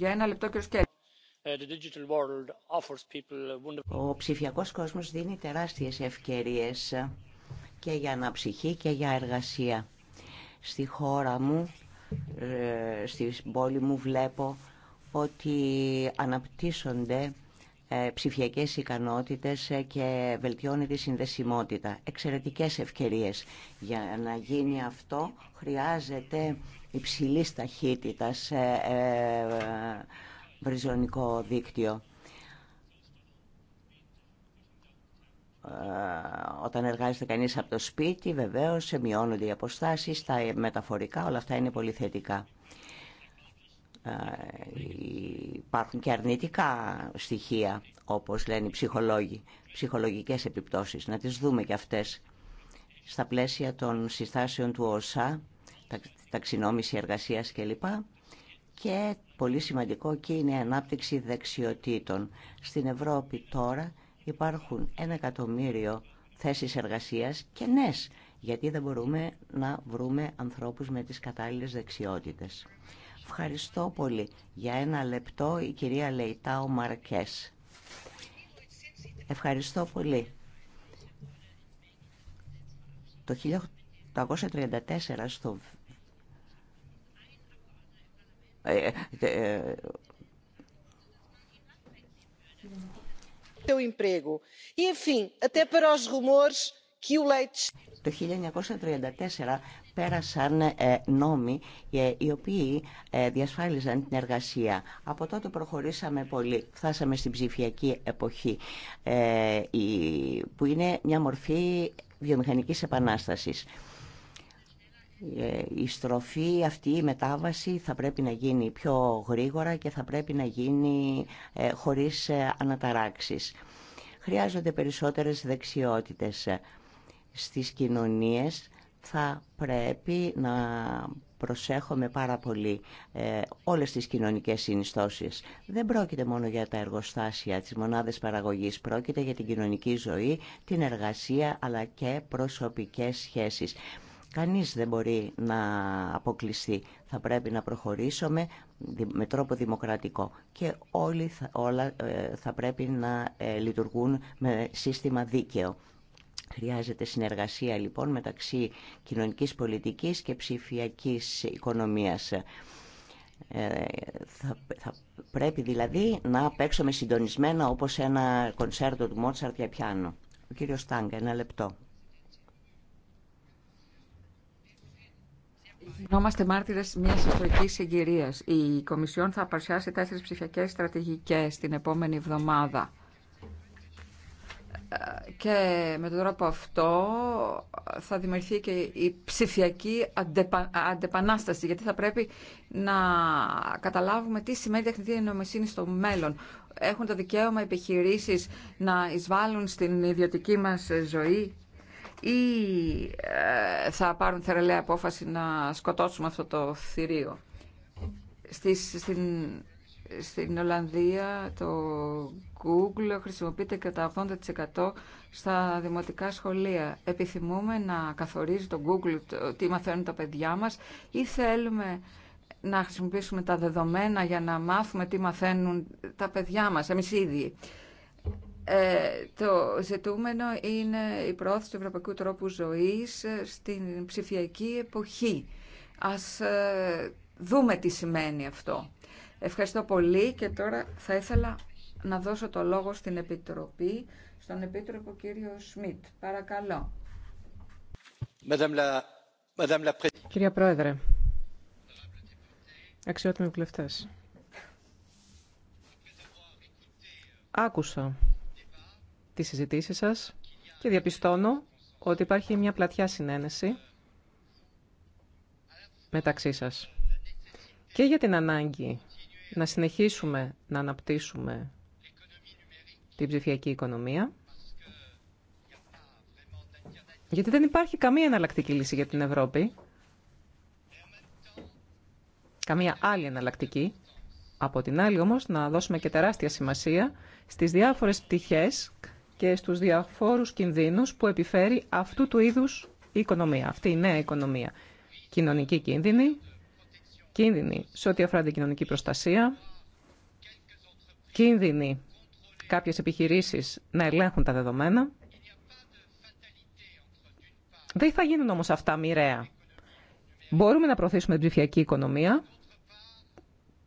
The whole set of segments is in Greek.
Ε, Ο ψηφιακός κόσμος δίνει τεράστιες ευκαιρίες και για αναψυχή και για εργασία. Στη χώρα μου, ε, στη πόλη μου βλέπω ότι αναπτύσσονται ε, ψηφιακές ικανότητες ε, και βελτιώνει τη συνδεσιμότητα. Εξαιρετικές ευκαιρίες. Για να γίνει αυτό χρειάζεται υψηλής ταχύτητας ε, βριζονικό δίκτυο. όταν εργάζεται κανείς από το σπίτι βεβαίως μειώνονται οι αποστάσεις, τα μεταφορικά, όλα αυτά είναι πολύ θετικά. Ε, υπάρχουν και αρνητικά στοιχεία, όπως λένε οι ψυχολόγοι, ψυχολογικές επιπτώσεις. Να τις δούμε και αυτές. Στα πλαίσια των συστάσεων του ΟΣΑ, ταξινόμηση εργασίας κλπ. Και πολύ σημαντικό και είναι η ανάπτυξη δεξιοτήτων. Στην Ευρώπη τώρα υπάρχουν ένα εκατομμύριο θέσεις εργασίας νες, γιατί δεν μπορούμε να βρούμε ανθρώπους με τις κατάλληλες δεξιότητες. Ευχαριστώ πολύ. Για ένα λεπτό η κυρία Λεϊτάο Μαρκές. Ευχαριστώ πολύ. Το 1834 στο... Ε, ε, το 1934 πέρασαν ε, νόμοι ε, οι οποίοι ε, διασφάλιζαν την εργασία. Από τότε προχωρήσαμε πολύ. Φτάσαμε στην ψηφιακή εποχή που είναι μια μορφή βιομηχανικής επανάστασης. Η στροφή αυτή, η μετάβαση θα πρέπει να γίνει πιο γρήγορα και θα πρέπει να γίνει χωρίς αναταράξεις. Χρειάζονται περισσότερες δεξιότητες στις κοινωνίες θα πρέπει να προσέχουμε πάρα πολύ ε, όλες τις κοινωνικές συνιστώσεις. Δεν πρόκειται μόνο για τα εργοστάσια, τις μονάδες παραγωγής, πρόκειται για την κοινωνική ζωή, την εργασία αλλά και προσωπικές σχέσεις. Κανείς δεν μπορεί να αποκλειστεί. Θα πρέπει να προχωρήσουμε με τρόπο δημοκρατικό και όλοι, όλα ε, θα πρέπει να ε, λειτουργούν με σύστημα δίκαιο. Χρειάζεται συνεργασία λοιπόν μεταξύ κοινωνικής πολιτικής και ψηφιακής οικονομίας. Ε, θα, πρέπει δηλαδή να παίξουμε συντονισμένα όπως ένα κονσέρτο του Μότσαρτ για πιάνο. Ο κύριος Στάγκα, ένα λεπτό. Γινόμαστε μάρτυρε μια ιστορική συγκυρία. Η Κομισιόν θα παρουσιάσει τέσσερι ψηφιακέ στρατηγικέ την επόμενη εβδομάδα και με τον τρόπο αυτό θα δημιουργηθεί και η ψηφιακή αντεπα... αντεπανάσταση γιατί θα πρέπει να καταλάβουμε τι σημαίνει τεχνητή νομοσύνη στο μέλλον. Έχουν το δικαίωμα επιχειρήσεις να εισβάλλουν στην ιδιωτική μας ζωή ή ε, θα πάρουν θεραλέα απόφαση να σκοτώσουμε αυτό το θηρίο. στην, στην το Google χρησιμοποιείται κατά 80% στα δημοτικά σχολεία. Επιθυμούμε να καθορίζει το Google τι μαθαίνουν τα παιδιά μας ή θέλουμε να χρησιμοποιήσουμε τα δεδομένα για να μάθουμε τι μαθαίνουν τα παιδιά μας, εμείς ίδιοι. Ε, το ζητούμενο είναι η πρόθεση του ευρωπαϊκού τρόπου ζωής ε, στην ψηφιακή εποχή. Ας ε, δούμε τι σημαίνει αυτό. Ευχαριστώ πολύ και τώρα θα ήθελα να δώσω το λόγο στην Επιτροπή, στον Επίτροπο κύριο Σμιτ. Παρακαλώ. Κυρία Πρόεδρε, αξιότιμοι βουλευτές, άκουσα Τι συζητήσεις σας και διαπιστώνω ότι υπάρχει μια πλατιά συνένεση μεταξύ σας και για την ανάγκη να συνεχίσουμε να αναπτύσσουμε την ψηφιακή οικονομία. Γιατί δεν υπάρχει καμία εναλλακτική λύση για την Ευρώπη. Καμία άλλη εναλλακτική. Από την άλλη όμως να δώσουμε και τεράστια σημασία στις διάφορες πτυχές και στους διαφόρους κινδύνους που επιφέρει αυτού του είδους η οικονομία, αυτή η νέα οικονομία. Κοινωνική κίνδυνη, κίνδυνη σε ό,τι αφορά την κοινωνική προστασία, κίνδυνη κάποιες επιχειρήσεις να ελέγχουν τα δεδομένα. Δεν θα γίνουν όμως αυτά μοιραία. Μπορούμε να προωθήσουμε την ψηφιακή οικονομία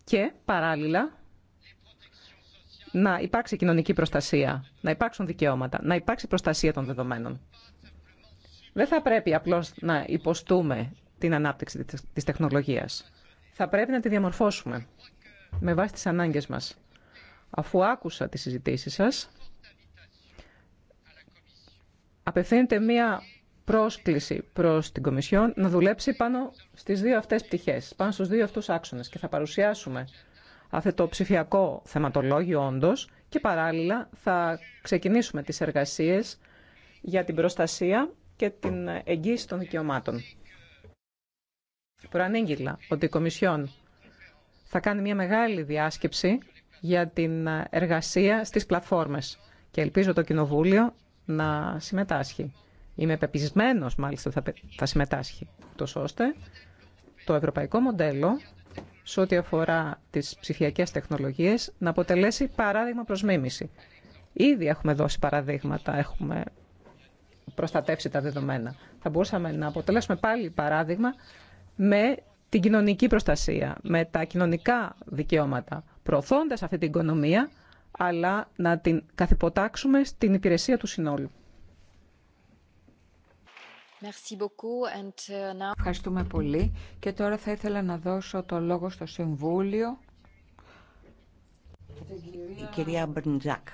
και παράλληλα να υπάρξει κοινωνική προστασία, να υπάρξουν δικαιώματα, να υπάρξει προστασία των δεδομένων. Δεν θα πρέπει απλώς να υποστούμε την ανάπτυξη της τεχνολογίας. Θα πρέπει να τη διαμορφώσουμε με βάση τις ανάγκες μας. Αφού άκουσα τις συζητήσεις σας, απευθύνεται μία πρόσκληση προς την Κομισιόν να δουλέψει πάνω στις δύο αυτές πτυχές, πάνω στους δύο αυτούς άξονες και θα παρουσιάσουμε αυτό το ψηφιακό θεματολόγιο όντω και παράλληλα θα ξεκινήσουμε τις εργασίες για την προστασία και την εγγύηση των δικαιωμάτων. Προανήγγυλα ότι η Κομισιόν θα κάνει μια μεγάλη διάσκεψη για την εργασία στις πλατφόρμες και ελπίζω το Κοινοβούλιο να συμμετάσχει. Είμαι πεπισμένος μάλιστα θα, θα συμμετάσχει, τόσο ώστε το ευρωπαϊκό μοντέλο σε ό,τι αφορά τις ψηφιακές τεχνολογίες να αποτελέσει παράδειγμα προς μίμηση. Ήδη έχουμε δώσει παραδείγματα, έχουμε προστατεύσει τα δεδομένα. Θα μπορούσαμε να αποτελέσουμε πάλι παράδειγμα με την κοινωνική προστασία, με τα κοινωνικά δικαιώματα προωθώντας αυτή την οικονομία, αλλά να την καθυποτάξουμε στην υπηρεσία του συνόλου. Uh, Ευχαριστούμε πολύ. Και τώρα θα ήθελα να δώσω το λόγο στο Συμβούλιο. Η κυρία Μπρντζάκ.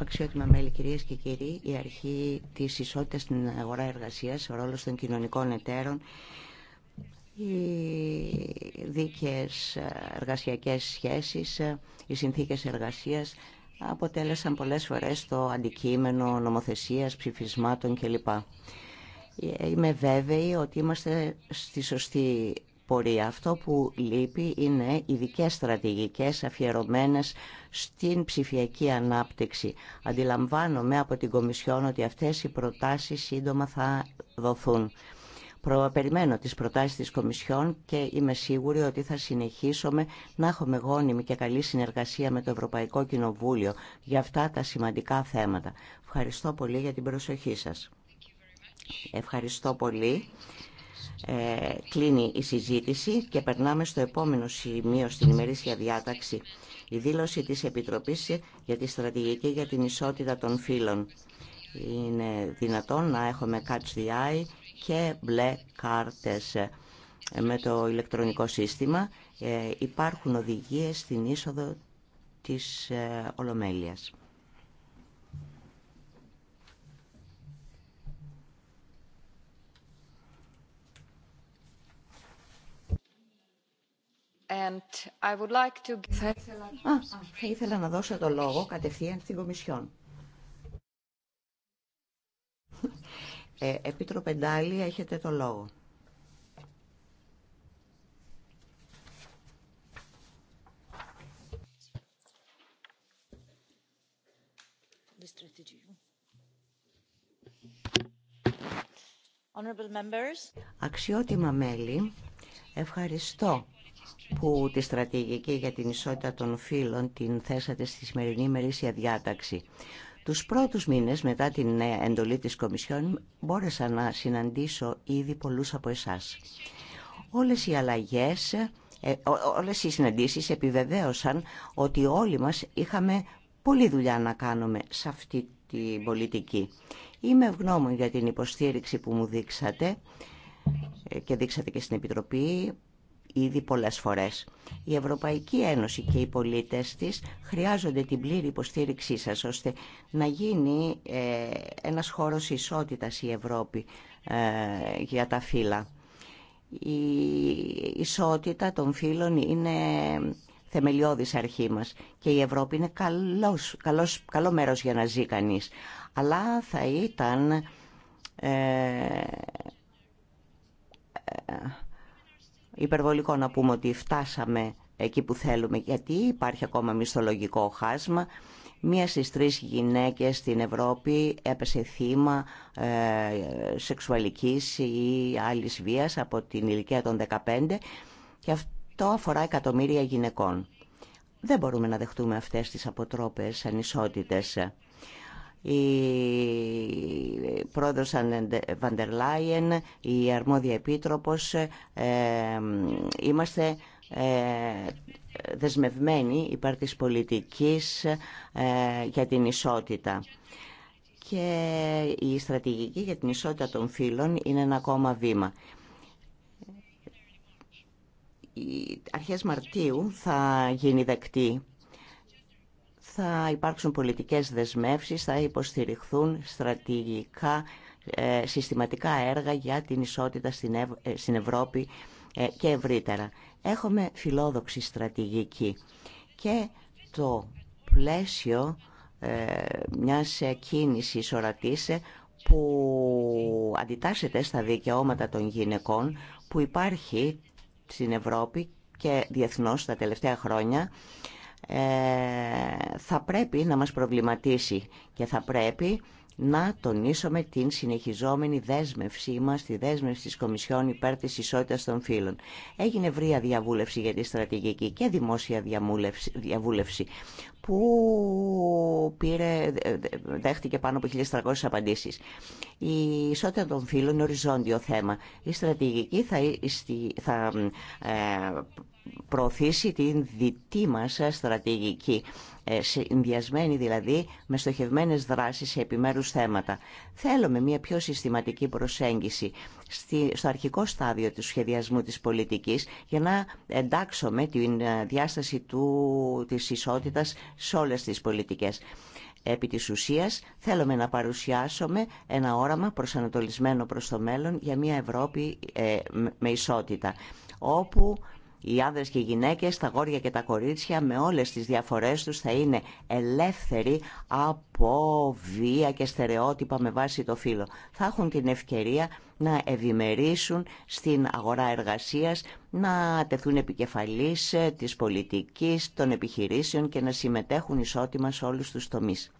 Αξιότιμα μέλη, κυρίες και κύριοι, η αρχή της ισότητας στην αγορά εργασίας, ο ρόλος των κοινωνικών εταίρων, οι δίκαιες εργασιακές σχέσεις, οι συνθήκες εργασίας αποτέλεσαν πολλές φορές το αντικείμενο νομοθεσίας, ψηφισμάτων κλπ. Είμαι βέβαιη ότι είμαστε στη σωστή πορεία. Αυτό που λείπει είναι ειδικέ στρατηγικές αφιερωμένες στην ψηφιακή ανάπτυξη. Αντιλαμβάνομαι από την Κομισιόν ότι αυτές οι προτάσεις σύντομα θα δοθούν. Περιμένω τις προτάσεις της Κομισιόν και είμαι σίγουρη ότι θα συνεχίσουμε να έχουμε γόνιμη και καλή συνεργασία με το Ευρωπαϊκό Κοινοβούλιο για αυτά τα σημαντικά θέματα. Ευχαριστώ πολύ για την προσοχή σας. Ευχαριστώ πολύ. Ε, κλείνει η συζήτηση και περνάμε στο επόμενο σημείο στην ημερήσια διάταξη. Η δήλωση της Επιτροπής για τη Στρατηγική για την Ισότητα των Φύλων. Είναι δυνατόν να έχουμε catch the eye και μπλε κάρτες ε, με το ηλεκτρονικό σύστημα. Ε, υπάρχουν οδηγίες στην είσοδο της ε, Ολομέλειας. ήθελα... θα ήθελα να δώσω το λόγο κατευθείαν στην Κομισιόν. Ε, Επίτροπε Ντάλη, έχετε το λόγο. Αξιότιμα μέλη, ευχαριστώ που τη στρατηγική για την ισότητα των φύλων την θέσατε στη σημερινή μερίσια διάταξη. Τους πρώτους μήνες μετά την ε, εντολή της Κομισιόν μπόρεσα να συναντήσω ήδη πολλούς από εσάς. Όλες οι αλλαγές, ε, όλες οι συναντήσεις επιβεβαίωσαν ότι όλοι μας είχαμε πολλή δουλειά να κάνουμε σε αυτή την πολιτική. Είμαι ευγνώμων για την υποστήριξη που μου δείξατε ε, και δείξατε και στην Επιτροπή ήδη πολλές φορές. Η Ευρωπαϊκή Ένωση και οι πολίτες της χρειάζονται την πλήρη υποστήριξή σας ώστε να γίνει ε, ένας χώρος ισότητας η Ευρώπη ε, για τα φύλλα. Η ισότητα των φύλων είναι θεμελιώδης αρχή μας και η Ευρώπη είναι καλός, καλός, καλό μέρος για να ζει κανείς. Αλλά θα ήταν... Ε, υπερβολικό να πούμε ότι φτάσαμε εκεί που θέλουμε, γιατί υπάρχει ακόμα μισθολογικό χάσμα. Μία στις τρεις γυναίκες στην Ευρώπη έπεσε θύμα ε, σεξουαλικής ή άλλης βίας από την ηλικία των 15 και αυτό αφορά εκατομμύρια γυναικών. Δεν μπορούμε να δεχτούμε αυτές τις αποτρόπες ανισότητες η πρόεδρος Βαντερ Λάιεν, η αρμόδια επίτροπος, ε, είμαστε ε, δεσμευμένοι υπέρ της πολιτικής ε, για την ισότητα. Και η στρατηγική για την ισότητα των φύλων είναι ένα ακόμα βήμα. Αρχές Μαρτίου θα γίνει δεκτή θα υπάρξουν πολιτικές δεσμεύσεις, θα υποστηριχθούν στρατηγικά, ε, συστηματικά έργα για την ισότητα στην ε, Ευρώπη ε, και ευρύτερα. Έχουμε φιλόδοξη στρατηγική και το πλαίσιο μιας κίνηση ορατήσε που αντιτάσσεται στα δικαιώματα των γυναικών που υπάρχει στην Ευρώπη και διεθνώς τα τελευταία χρόνια ε, θα πρέπει να μας προβληματίσει και θα πρέπει να τονίσουμε την συνεχιζόμενη δέσμευσή μας, τη δέσμευση της Κομισιόν υπέρ της ισότητας των φύλων. Έγινε ευρεία διαβούλευση για τη στρατηγική και δημόσια διαβούλευση που πήρε, δέχτηκε πάνω από 1.300 απαντήσεις. Η ισότητα των φύλων είναι οριζόντιο θέμα. Η στρατηγική θα, θα ε, προωθήσει την δυτή μας στρατηγική, ε, συνδυασμένη δηλαδή με στοχευμένες δράσεις σε επιμέρους θέματα. Θέλουμε μια πιο συστηματική προσέγγιση στο αρχικό στάδιο του σχεδιασμού της πολιτικής για να εντάξουμε την ε, διάσταση του, της ισότητας σε όλες τις πολιτικές. Επί της ουσίας θέλουμε να παρουσιάσουμε ένα όραμα προσανατολισμένο προς το μέλλον για μια Ευρώπη ε, με ισότητα, όπου οι άνδρες και οι γυναίκες, τα γόρια και τα κορίτσια με όλες τις διαφορές τους θα είναι ελεύθεροι από βία και στερεότυπα με βάση το φύλλο. Θα έχουν την ευκαιρία να ευημερήσουν στην αγορά εργασίας, να τεθούν επικεφαλής ε, της πολιτικής, των επιχειρήσεων και να συμμετέχουν ισότιμα σε όλους τους τομείς.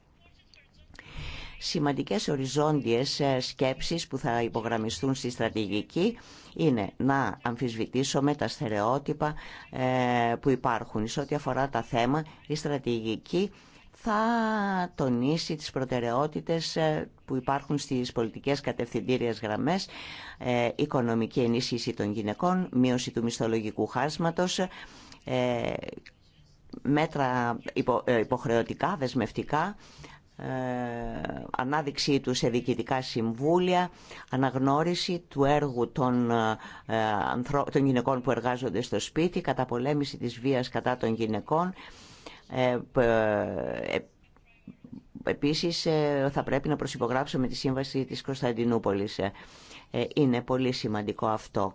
Σημαντικές οριζόντιες ε, σκέψεις που θα υπογραμμιστούν στη στρατηγική είναι να αμφισβητήσουμε τα στερεότυπα ε, που υπάρχουν. Σε ό,τι αφορά τα θέμα, η στρατηγική θα τονίσει τις προτεραιότητες ε, που υπάρχουν στις πολιτικές κατευθυντήριες γραμμές, οικονομική ενίσχυση των γυναικών, μείωση του μισθολογικού χάσματος, μέτρα υποχρεωτικά, δεσμευτικά, ε, ανάδειξή του σε διοικητικά συμβούλια, αναγνώριση του έργου ε, των, γυναικών που εργάζονται στο σπίτι, καταπολέμηση της βίας κατά των γυναικών. Ε, επίσης θα πρέπει να προσυπογράψουμε τη σύμβαση της Κωνσταντινούπολης. Είναι πολύ σημαντικό αυτό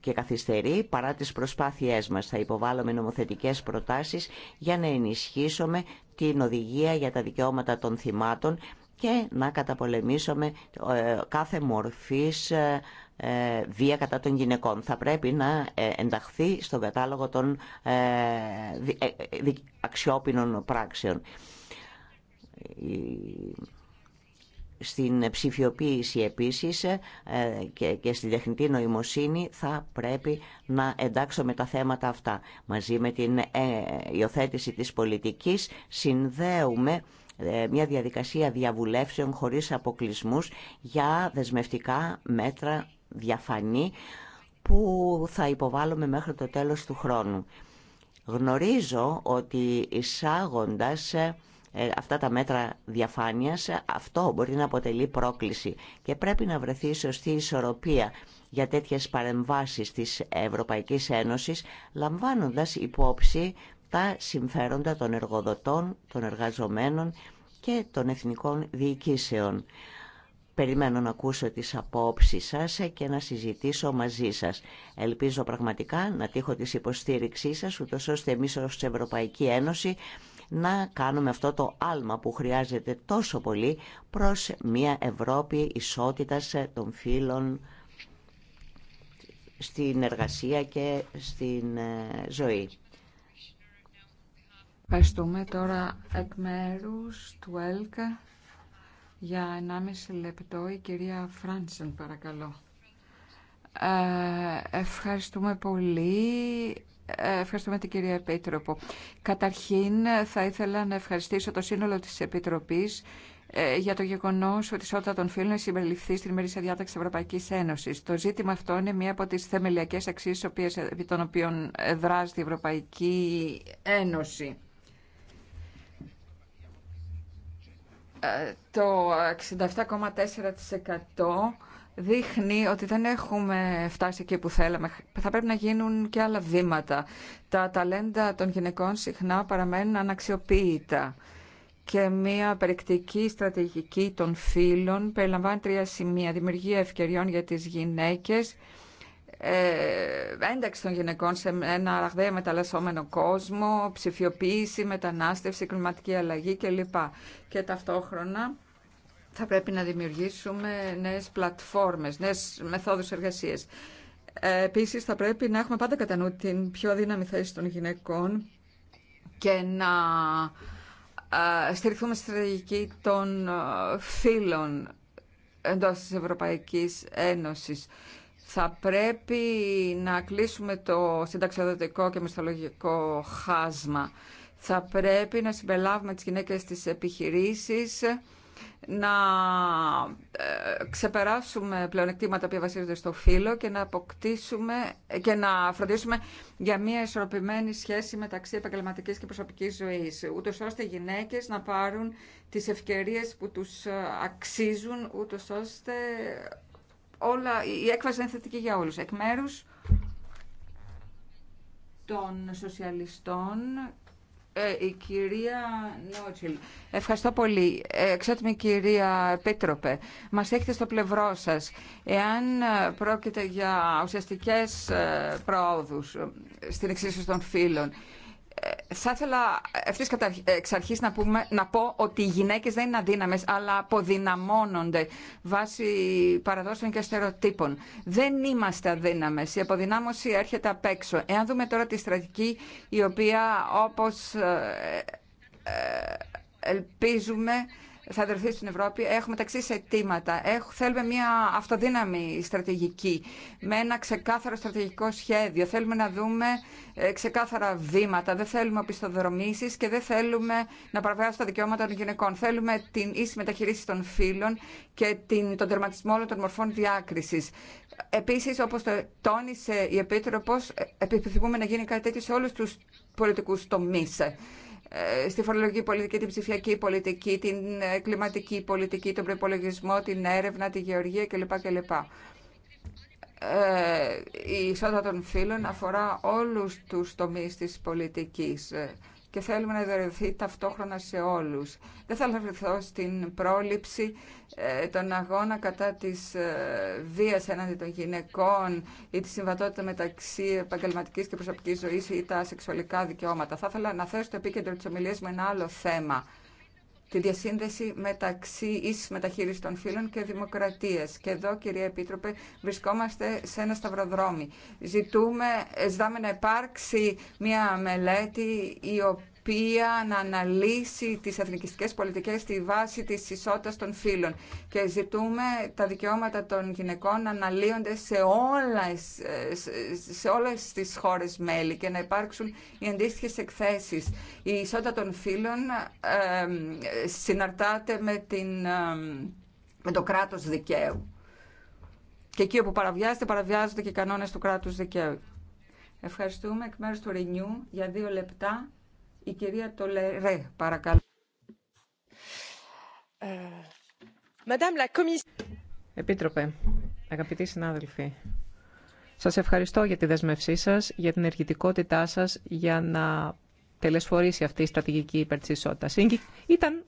και καθυστερεί παρά τις προσπάθειές μας. Θα υποβάλλουμε νομοθετικές προτάσεις για να ενισχύσουμε την οδηγία για τα δικαιώματα των θυμάτων και να καταπολεμήσουμε ε, κάθε μορφής ε, ε, βία κατά των γυναικών. Θα πρέπει να ενταχθεί στον κατάλογο των αξιόπινων πράξεων στην ψηφιοποίηση επίσης ε, και στην τεχνητή νοημοσύνη θα πρέπει να εντάξουμε τα θέματα αυτά. Μαζί με την ε, υιοθέτηση της πολιτικής συνδέουμε ε, μια διαδικασία διαβουλεύσεων χωρίς αποκλεισμούς για δεσμευτικά μέτρα διαφανή που θα υποβάλλουμε μέχρι το τέλος του χρόνου. Γνωρίζω ότι εισάγοντας ε, αυτά τα μέτρα διαφάνειας, αυτό μπορεί να αποτελεί πρόκληση και πρέπει να βρεθεί η σωστή ισορροπία για τέτοιες παρεμβάσεις της Ευρωπαϊκής Ένωσης, λαμβάνοντας υπόψη τα συμφέροντα των εργοδοτών, των εργαζομένων και των εθνικών διοικήσεων. Περιμένω να ακούσω τις απόψεις σας και να συζητήσω μαζί σας. Ελπίζω πραγματικά να τύχω της υποστήριξής σας, ούτως ώστε εμείς ως Ευρωπαϊκή Ένωση να κάνουμε αυτό το άλμα που χρειάζεται τόσο πολύ προς μια Ευρώπη ισότητας των φίλων στην εργασία και στην ε, ζωή. Ευχαριστούμε τώρα εκ μέρου του ΕΛΚΑ για 1,5 λεπτό η κυρία Φράνσεν παρακαλώ. Ε, ευχαριστούμε πολύ. Ε, ευχαριστούμε την κυρία Επίτροπο. Καταρχήν θα ήθελα να ευχαριστήσω το σύνολο της Επιτροπής ε, για το γεγονό ότι η ισότητα των φίλων συμπεριληφθεί στην ημερήσια διάταξη Ευρωπαϊκή Ένωση. Το ζήτημα αυτό είναι μία από τι θεμελιακέ αξίε ε, επί των οποίων δράζει η Ευρωπαϊκή Ένωση. Το 67,4% δείχνει ότι δεν έχουμε φτάσει εκεί που θέλαμε. Θα πρέπει να γίνουν και άλλα βήματα. Τα ταλέντα των γυναικών συχνά παραμένουν αναξιοποίητα και μια περικτική στρατηγική των φύλων περιλαμβάνει τρία σημεία. Δημιουργία ευκαιριών για τις γυναίκες, ε, ένταξη των γυναικών σε ένα ραγδαία μεταλλασσόμενο κόσμο, ψηφιοποίηση, μετανάστευση, κλιματική αλλαγή κλπ. Και ταυτόχρονα θα πρέπει να δημιουργήσουμε νέες πλατφόρμες, νέες μεθόδους εργασίας. Ε, επίσης θα πρέπει να έχουμε πάντα κατά νου την πιο δύναμη θέση των γυναικών και να ε, στηριχθούμε στη στρατηγική των ε, φίλων εντός της Ευρωπαϊκής Ένωσης. Θα πρέπει να κλείσουμε το συνταξιοδοτικό και μισθολογικό χάσμα. Θα πρέπει να συμπελάβουμε τις γυναίκες στις επιχειρήσεις να ε, ξεπεράσουμε πλεονεκτήματα που βασίζονται στο φύλλο και να αποκτήσουμε και να φροντίσουμε για μια ισορροπημένη σχέση μεταξύ επαγγελματική και προσωπική ζωή, ούτω ώστε οι γυναίκε να πάρουν τι ευκαιρίε που του ε, αξίζουν, ούτω ώστε όλα, η έκφραση είναι θετική για όλου. Εκ μέρου των σοσιαλιστών ε, η κυρία Νότσιλ, ευχαριστώ πολύ. με κυρία Πίτροπε, μας έχετε στο πλευρό σας. Εάν ε, πρόκειται για ουσιαστικές ε, πρόοδους στην εξίσωση των φύλων, θα ήθελα ευθύ εξ αρχή να, να πω ότι οι γυναίκε δεν είναι αδύναμε, αλλά αποδυναμώνονται βάσει παραδόσεων και στερεοτύπων. Δεν είμαστε αδύναμε. Η αποδυνάμωση έρχεται απ' έξω. Εάν δούμε τώρα τη στρατική, η οποία όπω ε, ε, ε, ελπίζουμε θα δερθεί στην Ευρώπη έχουμε τα εξή αιτήματα. Θέλουμε μια αυτοδύναμη στρατηγική, με ένα ξεκάθαρο στρατηγικό σχέδιο. Θέλουμε να δούμε ε, ξεκάθαρα βήματα. Δεν θέλουμε οπισθοδρομήσει και δεν θέλουμε να παραβιάσουμε τα δικαιώματα των γυναικών. Θέλουμε την ίση μεταχειρίση των φύλων και την, τον τερματισμό όλων των μορφών διάκριση. Επίση, όπω το τόνισε η Επίτροπο, ε, επιθυμούμε να γίνει κάτι τέτοιο σε όλου του πολιτικού τομεί. Ε, στη φορολογική πολιτική, την ψηφιακή πολιτική, την ε, κλιματική πολιτική, τον προπολογισμό, την έρευνα, τη γεωργία κλπ. κλπ. Ε, η ισότητα των φύλων αφορά όλους τους τομείς της πολιτικής και θέλουμε να δωρεθεί ταυτόχρονα σε όλους. Δεν θα αναφερθώ στην πρόληψη ε, των αγώνα κατά της ε, βίας έναντι των γυναικών ή τη συμβατότητα μεταξύ επαγγελματική και προσωπικής ζωής ή τα σεξουαλικά δικαιώματα. Θα ήθελα να θέσω το επίκεντρο της ομιλίας με ένα άλλο θέμα τη διασύνδεση μεταξύ ίσης μεταχείρισης των φύλων και δημοκρατίες. Και εδώ, κυρία Επίτροπε, βρισκόμαστε σε ένα σταυροδρόμι. Ζητούμε, ζητάμε να υπάρξει μια μελέτη η οποία οποία να αναλύσει τις εθνικιστικές πολιτικές στη βάση της ισότητας των φύλων. Και ζητούμε τα δικαιώματα των γυναικών να αναλύονται σε όλες, σε όλες τις χώρες μέλη και να υπάρξουν οι αντίστοιχε εκθέσεις. Η ισότητα των φύλων συναρτάται με, την, το κράτος δικαίου. Και εκεί όπου παραβιάζεται, παραβιάζονται και οι κανόνες του κράτους δικαίου. Ευχαριστούμε εκ μέρους του Ρινιού για δύο λεπτά η κυρία Τολερέ, παρακαλώ. Ε, Επίτροπε, αγαπητοί συνάδελφοι, σας ευχαριστώ για τη δεσμευσή σας, για την εργητικότητά σας, για να τελεσφορήσει αυτή η στρατηγική υπέρ της ισότητας. Ήταν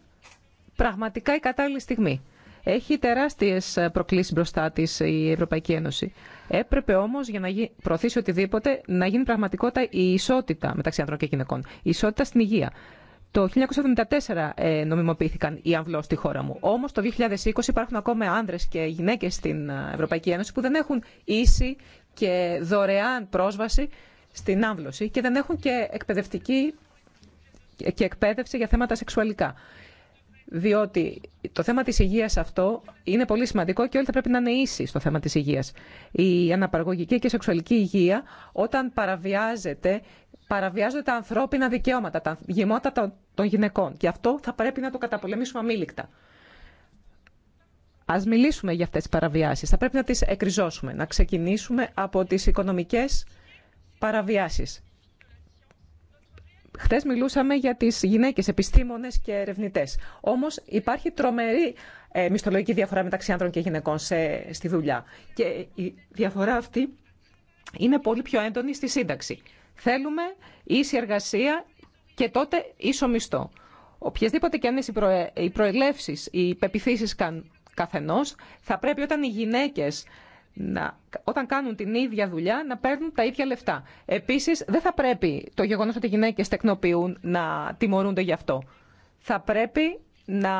πραγματικά η κατάλληλη στιγμή. Έχει τεράστιες προκλήσεις μπροστά της η Ευρωπαϊκή Ένωση. Έπρεπε όμω για να προωθήσει οτιδήποτε να γίνει πραγματικότητα η ισότητα μεταξύ ανδρών και γυναικών. Η ισότητα στην υγεία. Το 1974 ε, νομιμοποιήθηκαν οι αμβλώ στη χώρα μου. Όμω το 2020 υπάρχουν ακόμα άνδρε και γυναίκε στην ε, Ευρωπαϊκή Ένωση που δεν έχουν ίση και δωρεάν πρόσβαση στην άμβλωση και δεν έχουν και εκπαιδευτική και εκπαίδευση για θέματα σεξουαλικά διότι το θέμα της υγείας αυτό είναι πολύ σημαντικό και όλοι θα πρέπει να είναι ίσοι στο θέμα της υγείας. Η αναπαραγωγική και η σεξουαλική υγεία όταν παραβιάζεται, παραβιάζονται τα ανθρώπινα δικαιώματα, τα γεμότα των γυναικών και αυτό θα πρέπει να το καταπολεμήσουμε αμήλικτα. Ας μιλήσουμε για αυτές τις παραβιάσεις, θα πρέπει να τις εκριζώσουμε, να ξεκινήσουμε από τις οικονομικές παραβιάσεις. Χθες μιλούσαμε για τις γυναίκες επιστήμονες και ερευνητές. Όμως υπάρχει τρομερή ε, μισθολογική διαφορά μεταξύ άνδρων και γυναικών σε, στη δουλειά. Και η διαφορά αυτή είναι πολύ πιο έντονη στη σύνταξη. Θέλουμε ίση εργασία και τότε ίσο μισθό. Οποιασδήποτε και αν είναι οι προελεύσεις, οι πεπιθήσεις καν, καθενός, θα πρέπει όταν οι γυναίκες να, όταν κάνουν την ίδια δουλειά να παίρνουν τα ίδια λεφτά. Επίσης δεν θα πρέπει το γεγονός ότι οι γυναίκε τεκνοποιούν να τιμωρούνται γι' αυτό. Θα πρέπει να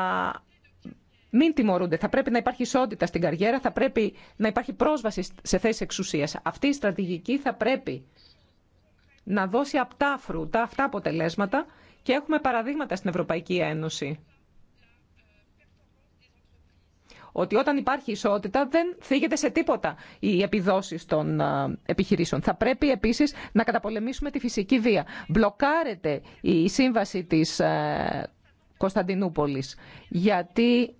μην τιμωρούνται. Θα πρέπει να υπάρχει ισότητα στην καριέρα, θα πρέπει να υπάρχει πρόσβαση σε θέσει εξουσία. Αυτή η στρατηγική θα πρέπει να δώσει απτά φρούτα, αυτά αποτελέσματα και έχουμε παραδείγματα στην Ευρωπαϊκή Ένωση ότι όταν υπάρχει ισότητα δεν θίγεται σε τίποτα οι επιδόσεις των ε, επιχειρήσεων. Θα πρέπει επίσης να καταπολεμήσουμε τη φυσική βία. Μπλοκάρεται η σύμβαση της ε, Κωνσταντινούπολης γιατί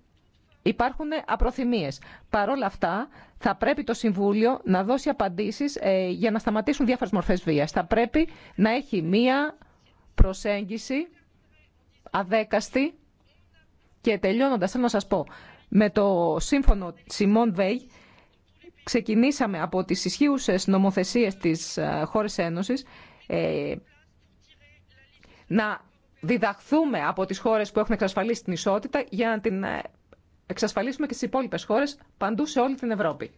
υπάρχουν απροθυμίες. Παρ' όλα αυτά θα πρέπει το Συμβούλιο να δώσει απαντήσεις ε, για να σταματήσουν διάφορες μορφές βίας. Θα πρέπει να έχει μία προσέγγιση αδέκαστη και τελειώνοντας θέλω να σας πω με το σύμφωνο Σιμών Βέι ξεκινήσαμε από τις ισχύουσες νομοθεσίες της ε, χώρας Ένωσης ε, να διδαχθούμε από τις χώρες που έχουν εξασφαλίσει την ισότητα για να την ε, εξασφαλίσουμε και στις υπόλοιπες χώρες παντού σε όλη την Ευρώπη.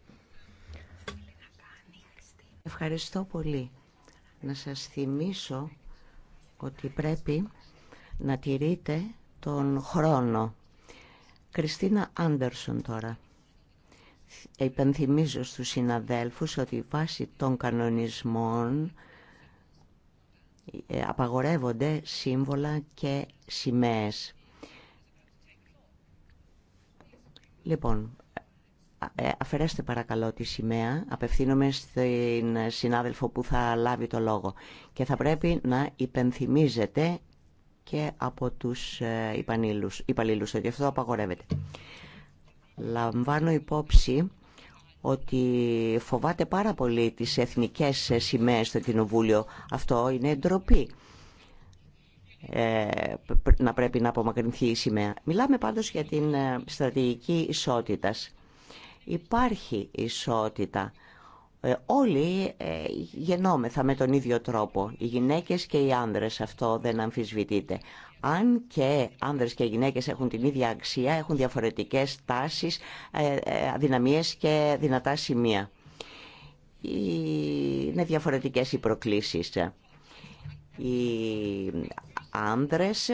Ευχαριστώ πολύ. Να σας θυμίσω ότι πρέπει να τηρείτε τον χρόνο. Κριστίνα Άντερσον τώρα. Υπενθυμίζω στους συναδέλφους ότι βάσει βάση των κανονισμών ε, απαγορεύονται σύμβολα και σημαίες. Λοιπόν, ε, αφαιρέστε παρακαλώ τη σημαία, απευθύνομαι στην συνάδελφο που θα λάβει το λόγο και θα πρέπει να υπενθυμίζετε και από τους ε, υπαλλήλους, ότι αυτό απαγορεύεται. Λαμβάνω υπόψη ότι φοβάται πάρα πολύ τις εθνικές ε, σημαίες στο Κοινοβούλιο. Αυτό είναι ντροπή ε, να πρέπει να απομακρυνθεί η σημαία. Μιλάμε πάντως για την στρατηγική ισότητας. Υπάρχει ισότητα ε, όλοι ε, γεννόμεθα με τον ίδιο τρόπο, οι γυναίκες και οι άνδρες, αυτό δεν αμφισβητείται. Αν και άνδρες και γυναίκες έχουν την ίδια αξία, έχουν διαφορετικές τάσεις, ε, αδυναμίες και δυνατά σημεία. Είναι διαφορετικές οι προκλήσεις. Οι άνδρες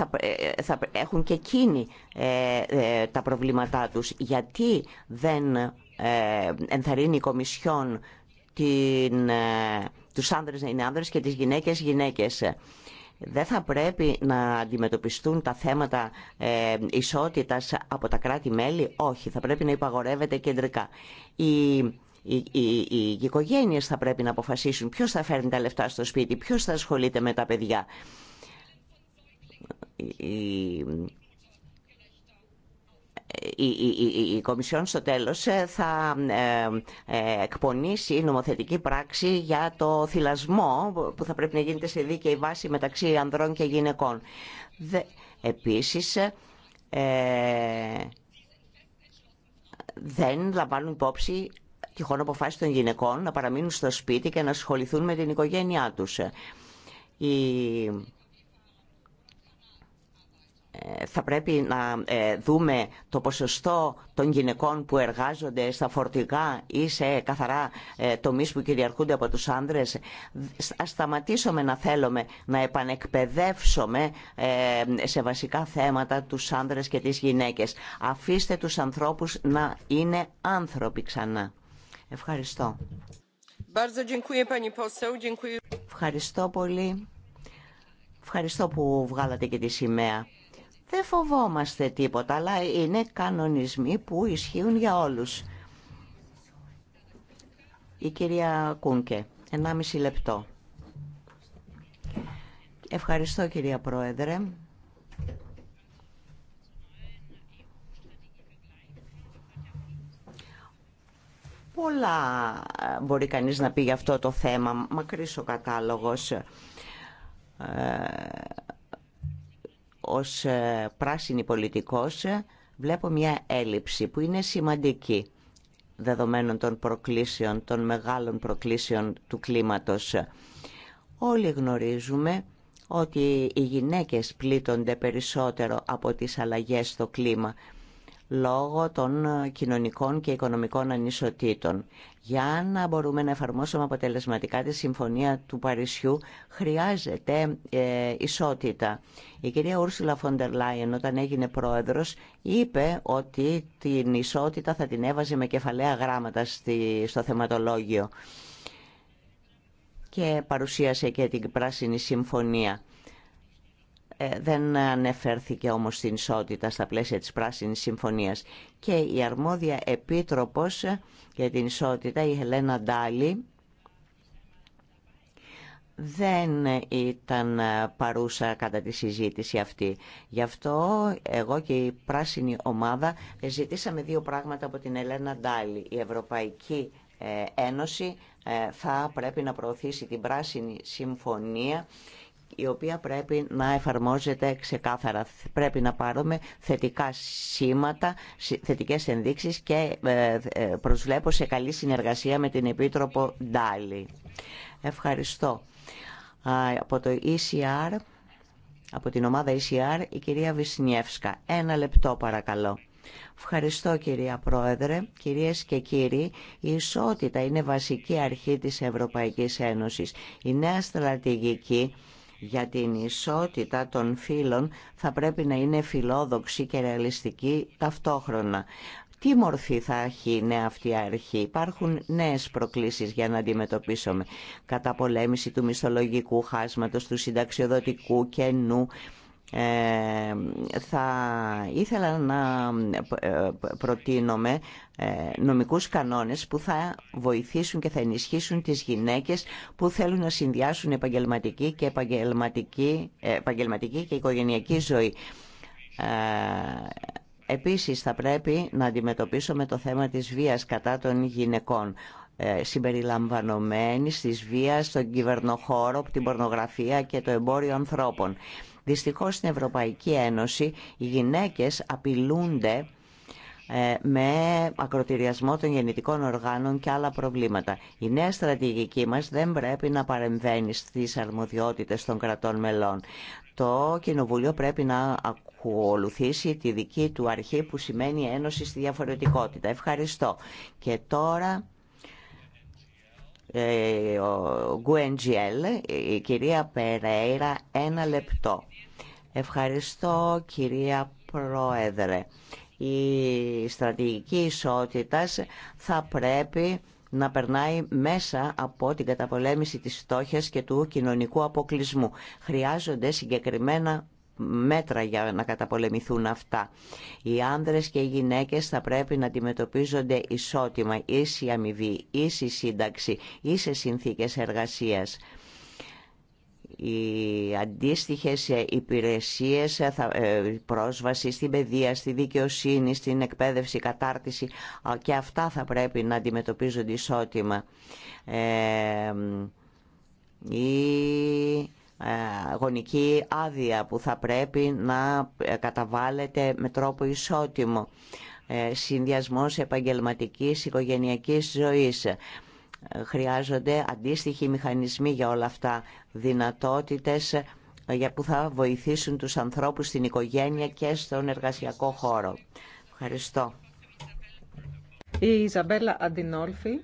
θα, ε, ε, έχουν και εκείνοι ε, τα προβλήματά τους. Γιατί δεν ενθαρρύνει η Κομισιόν την, τους άνδρες να είναι άνδρες και τις γυναίκες γυναίκες. Δεν θα πρέπει να αντιμετωπιστούν τα θέματα ισότητας από τα κράτη-μέλη. Όχι, θα πρέπει να υπαγορεύεται κεντρικά. Η, οι, οι, οι οικογένειες θα πρέπει να αποφασίσουν ποιος θα φέρνει τα λεφτά στο σπίτι, ποιος θα ασχολείται με τα παιδιά η, η, Κομισιόν στο τέλος ε, θα ε, ε, εκπονήσει νομοθετική πράξη για το θυλασμό που θα πρέπει να γίνεται σε δίκαιη βάση μεταξύ ανδρών και γυναικών. Επίσης, δεν λαμβάνουν υπόψη τυχόν αποφάσει των γυναικών να παραμείνουν στο σπίτι και να ασχοληθούν με την οικογένειά τους. Η θα πρέπει να ε, δούμε το ποσοστό των γυναικών που εργάζονται στα φορτηγά ή σε καθαρά ε, τομείς που κυριαρχούνται από τους άνδρες. Ας σταματήσουμε να θέλουμε να επανεκπαιδεύσουμε ε, σε βασικά θέματα τους άνδρες και τις γυναίκες. Αφήστε τους ανθρώπους να είναι άνθρωποι ξανά. Ευχαριστώ. Ευχαριστώ πολύ. Ευχαριστώ που βγάλατε και τη σημαία. Δεν φοβόμαστε τίποτα, αλλά είναι κανονισμοί που ισχύουν για όλους. Η κυρία Κούνκε, 1,5 λεπτό. Ευχαριστώ κυρία Πρόεδρε. Πολλά μπορεί κανείς να πει για αυτό το θέμα, μακρύς ο κατάλογος. Ε, ως ε, πράσινη πολιτικός ε, βλέπω μια έλλειψη που είναι σημαντική δεδομένων των προκλήσεων, των μεγάλων προκλήσεων του κλίματος. Όλοι γνωρίζουμε ότι οι γυναίκες πλήττονται περισσότερο από τις αλλαγές στο κλίμα λόγω των ε, κοινωνικών και οικονομικών ανισοτήτων. Για να μπορούμε να εφαρμόσουμε αποτελεσματικά τη Συμφωνία του Παρισιού χρειάζεται ε, ισότητα. Η κυρία Ούρσουλα Φοντερ Λάιεν όταν έγινε πρόεδρος είπε ότι την ισότητα θα την έβαζε με κεφαλαία γράμματα στη, στο θεματολόγιο και παρουσίασε και την Πράσινη Συμφωνία. Ε, δεν ανεφέρθηκε όμως στην ισότητα στα πλαίσια της Πράσινης Συμφωνίας. Και η αρμόδια επίτροπος για την ισότητα, η Ελένα Ντάλη, δεν ήταν παρούσα κατά τη συζήτηση αυτή. Γι' αυτό εγώ και η πράσινη ομάδα ζητήσαμε δύο πράγματα από την Ελένα Ντάλη. Η Ευρωπαϊκή ε, Ένωση ε, θα πρέπει να προωθήσει την πράσινη συμφωνία η οποία πρέπει να εφαρμόζεται ξεκάθαρα. Πρέπει να πάρουμε θετικά σήματα, θετικές ενδείξεις και ε, ε, προσβλέπω σε καλή συνεργασία με την Επίτροπο Ντάλι. Ευχαριστώ. Από το ECR, από την ομάδα ECR, η κυρία Βυσνιεύσκα. Ένα λεπτό παρακαλώ. Ευχαριστώ κυρία Πρόεδρε, κυρίες και κύριοι. Η ισότητα είναι βασική αρχή της Ευρωπαϊκής Ένωσης. Η νέα στρατηγική για την ισότητα των φύλων θα πρέπει να είναι φιλόδοξη και ρεαλιστική ταυτόχρονα. Τι μορφή θα έχει νέα αυτή η αρχή. Υπάρχουν νέες προκλήσεις για να αντιμετωπίσουμε. Καταπολέμηση του μισθολογικού χάσματος, του συνταξιοδοτικού κενού, ε, θα ήθελα να ε, προτείνουμε νομικούς κανόνες που θα βοηθήσουν και θα ενισχύσουν τις γυναίκες που θέλουν να συνδυάσουν επαγγελματική και, επαγγελματική, ε, επαγγελματική και οικογενειακή ζωή. Επίσης θα πρέπει να αντιμετωπίσουμε το θέμα της βίας κατά των γυναικών συμπεριλαμβανομένης της βίας στον κυβερνοχώρο, την πορνογραφία και το εμπόριο ανθρώπων. Δυστυχώς στην Ευρωπαϊκή Ένωση οι γυναίκες απειλούνται ε, με ακροτηριασμό των γεννητικών οργάνων και άλλα προβλήματα. Η νέα στρατηγική μας δεν πρέπει να παρεμβαίνει στις αρμοδιότητες των κρατών μελών. Το Κοινοβούλιο πρέπει να ακολουθήσει τη δική του αρχή που σημαίνει ένωση στη διαφορετικότητα. Ευχαριστώ. Και τώρα ε, ο Γκουέντζιέλ, η κυρία Περέιρα, ένα λεπτό. Ευχαριστώ κυρία Πρόεδρε. Η στρατηγική ισότητα θα πρέπει να περνάει μέσα από την καταπολέμηση της στόχιας και του κοινωνικού αποκλεισμού. Χρειάζονται συγκεκριμένα μέτρα για να καταπολεμηθούν αυτά. Οι άνδρες και οι γυναίκες θα πρέπει να αντιμετωπίζονται ισότιμα, ίση αμοιβή, ίση σύνταξη, ίσες συνθήκες εργασίας οι αντίστοιχες υπηρεσίες ε, ε, πρόσβαση στην παιδεία, στη δικαιοσύνη, στην εκπαίδευση, κατάρτιση και αυτά θα πρέπει να αντιμετωπίζονται ισότιμα. η ε, γονική άδεια που θα πρέπει να καταβάλλεται με τρόπο ισότιμο. Ε, συνδυασμός επαγγελματικής οικογενειακής ζωής χρειάζονται αντίστοιχοι μηχανισμοί για όλα αυτά, δυνατότητες ε, για που θα βοηθήσουν τους ανθρώπους στην οικογένεια και στον εργασιακό χώρο. Ευχαριστώ. Η Ιζαμπέλα Αντινόλφη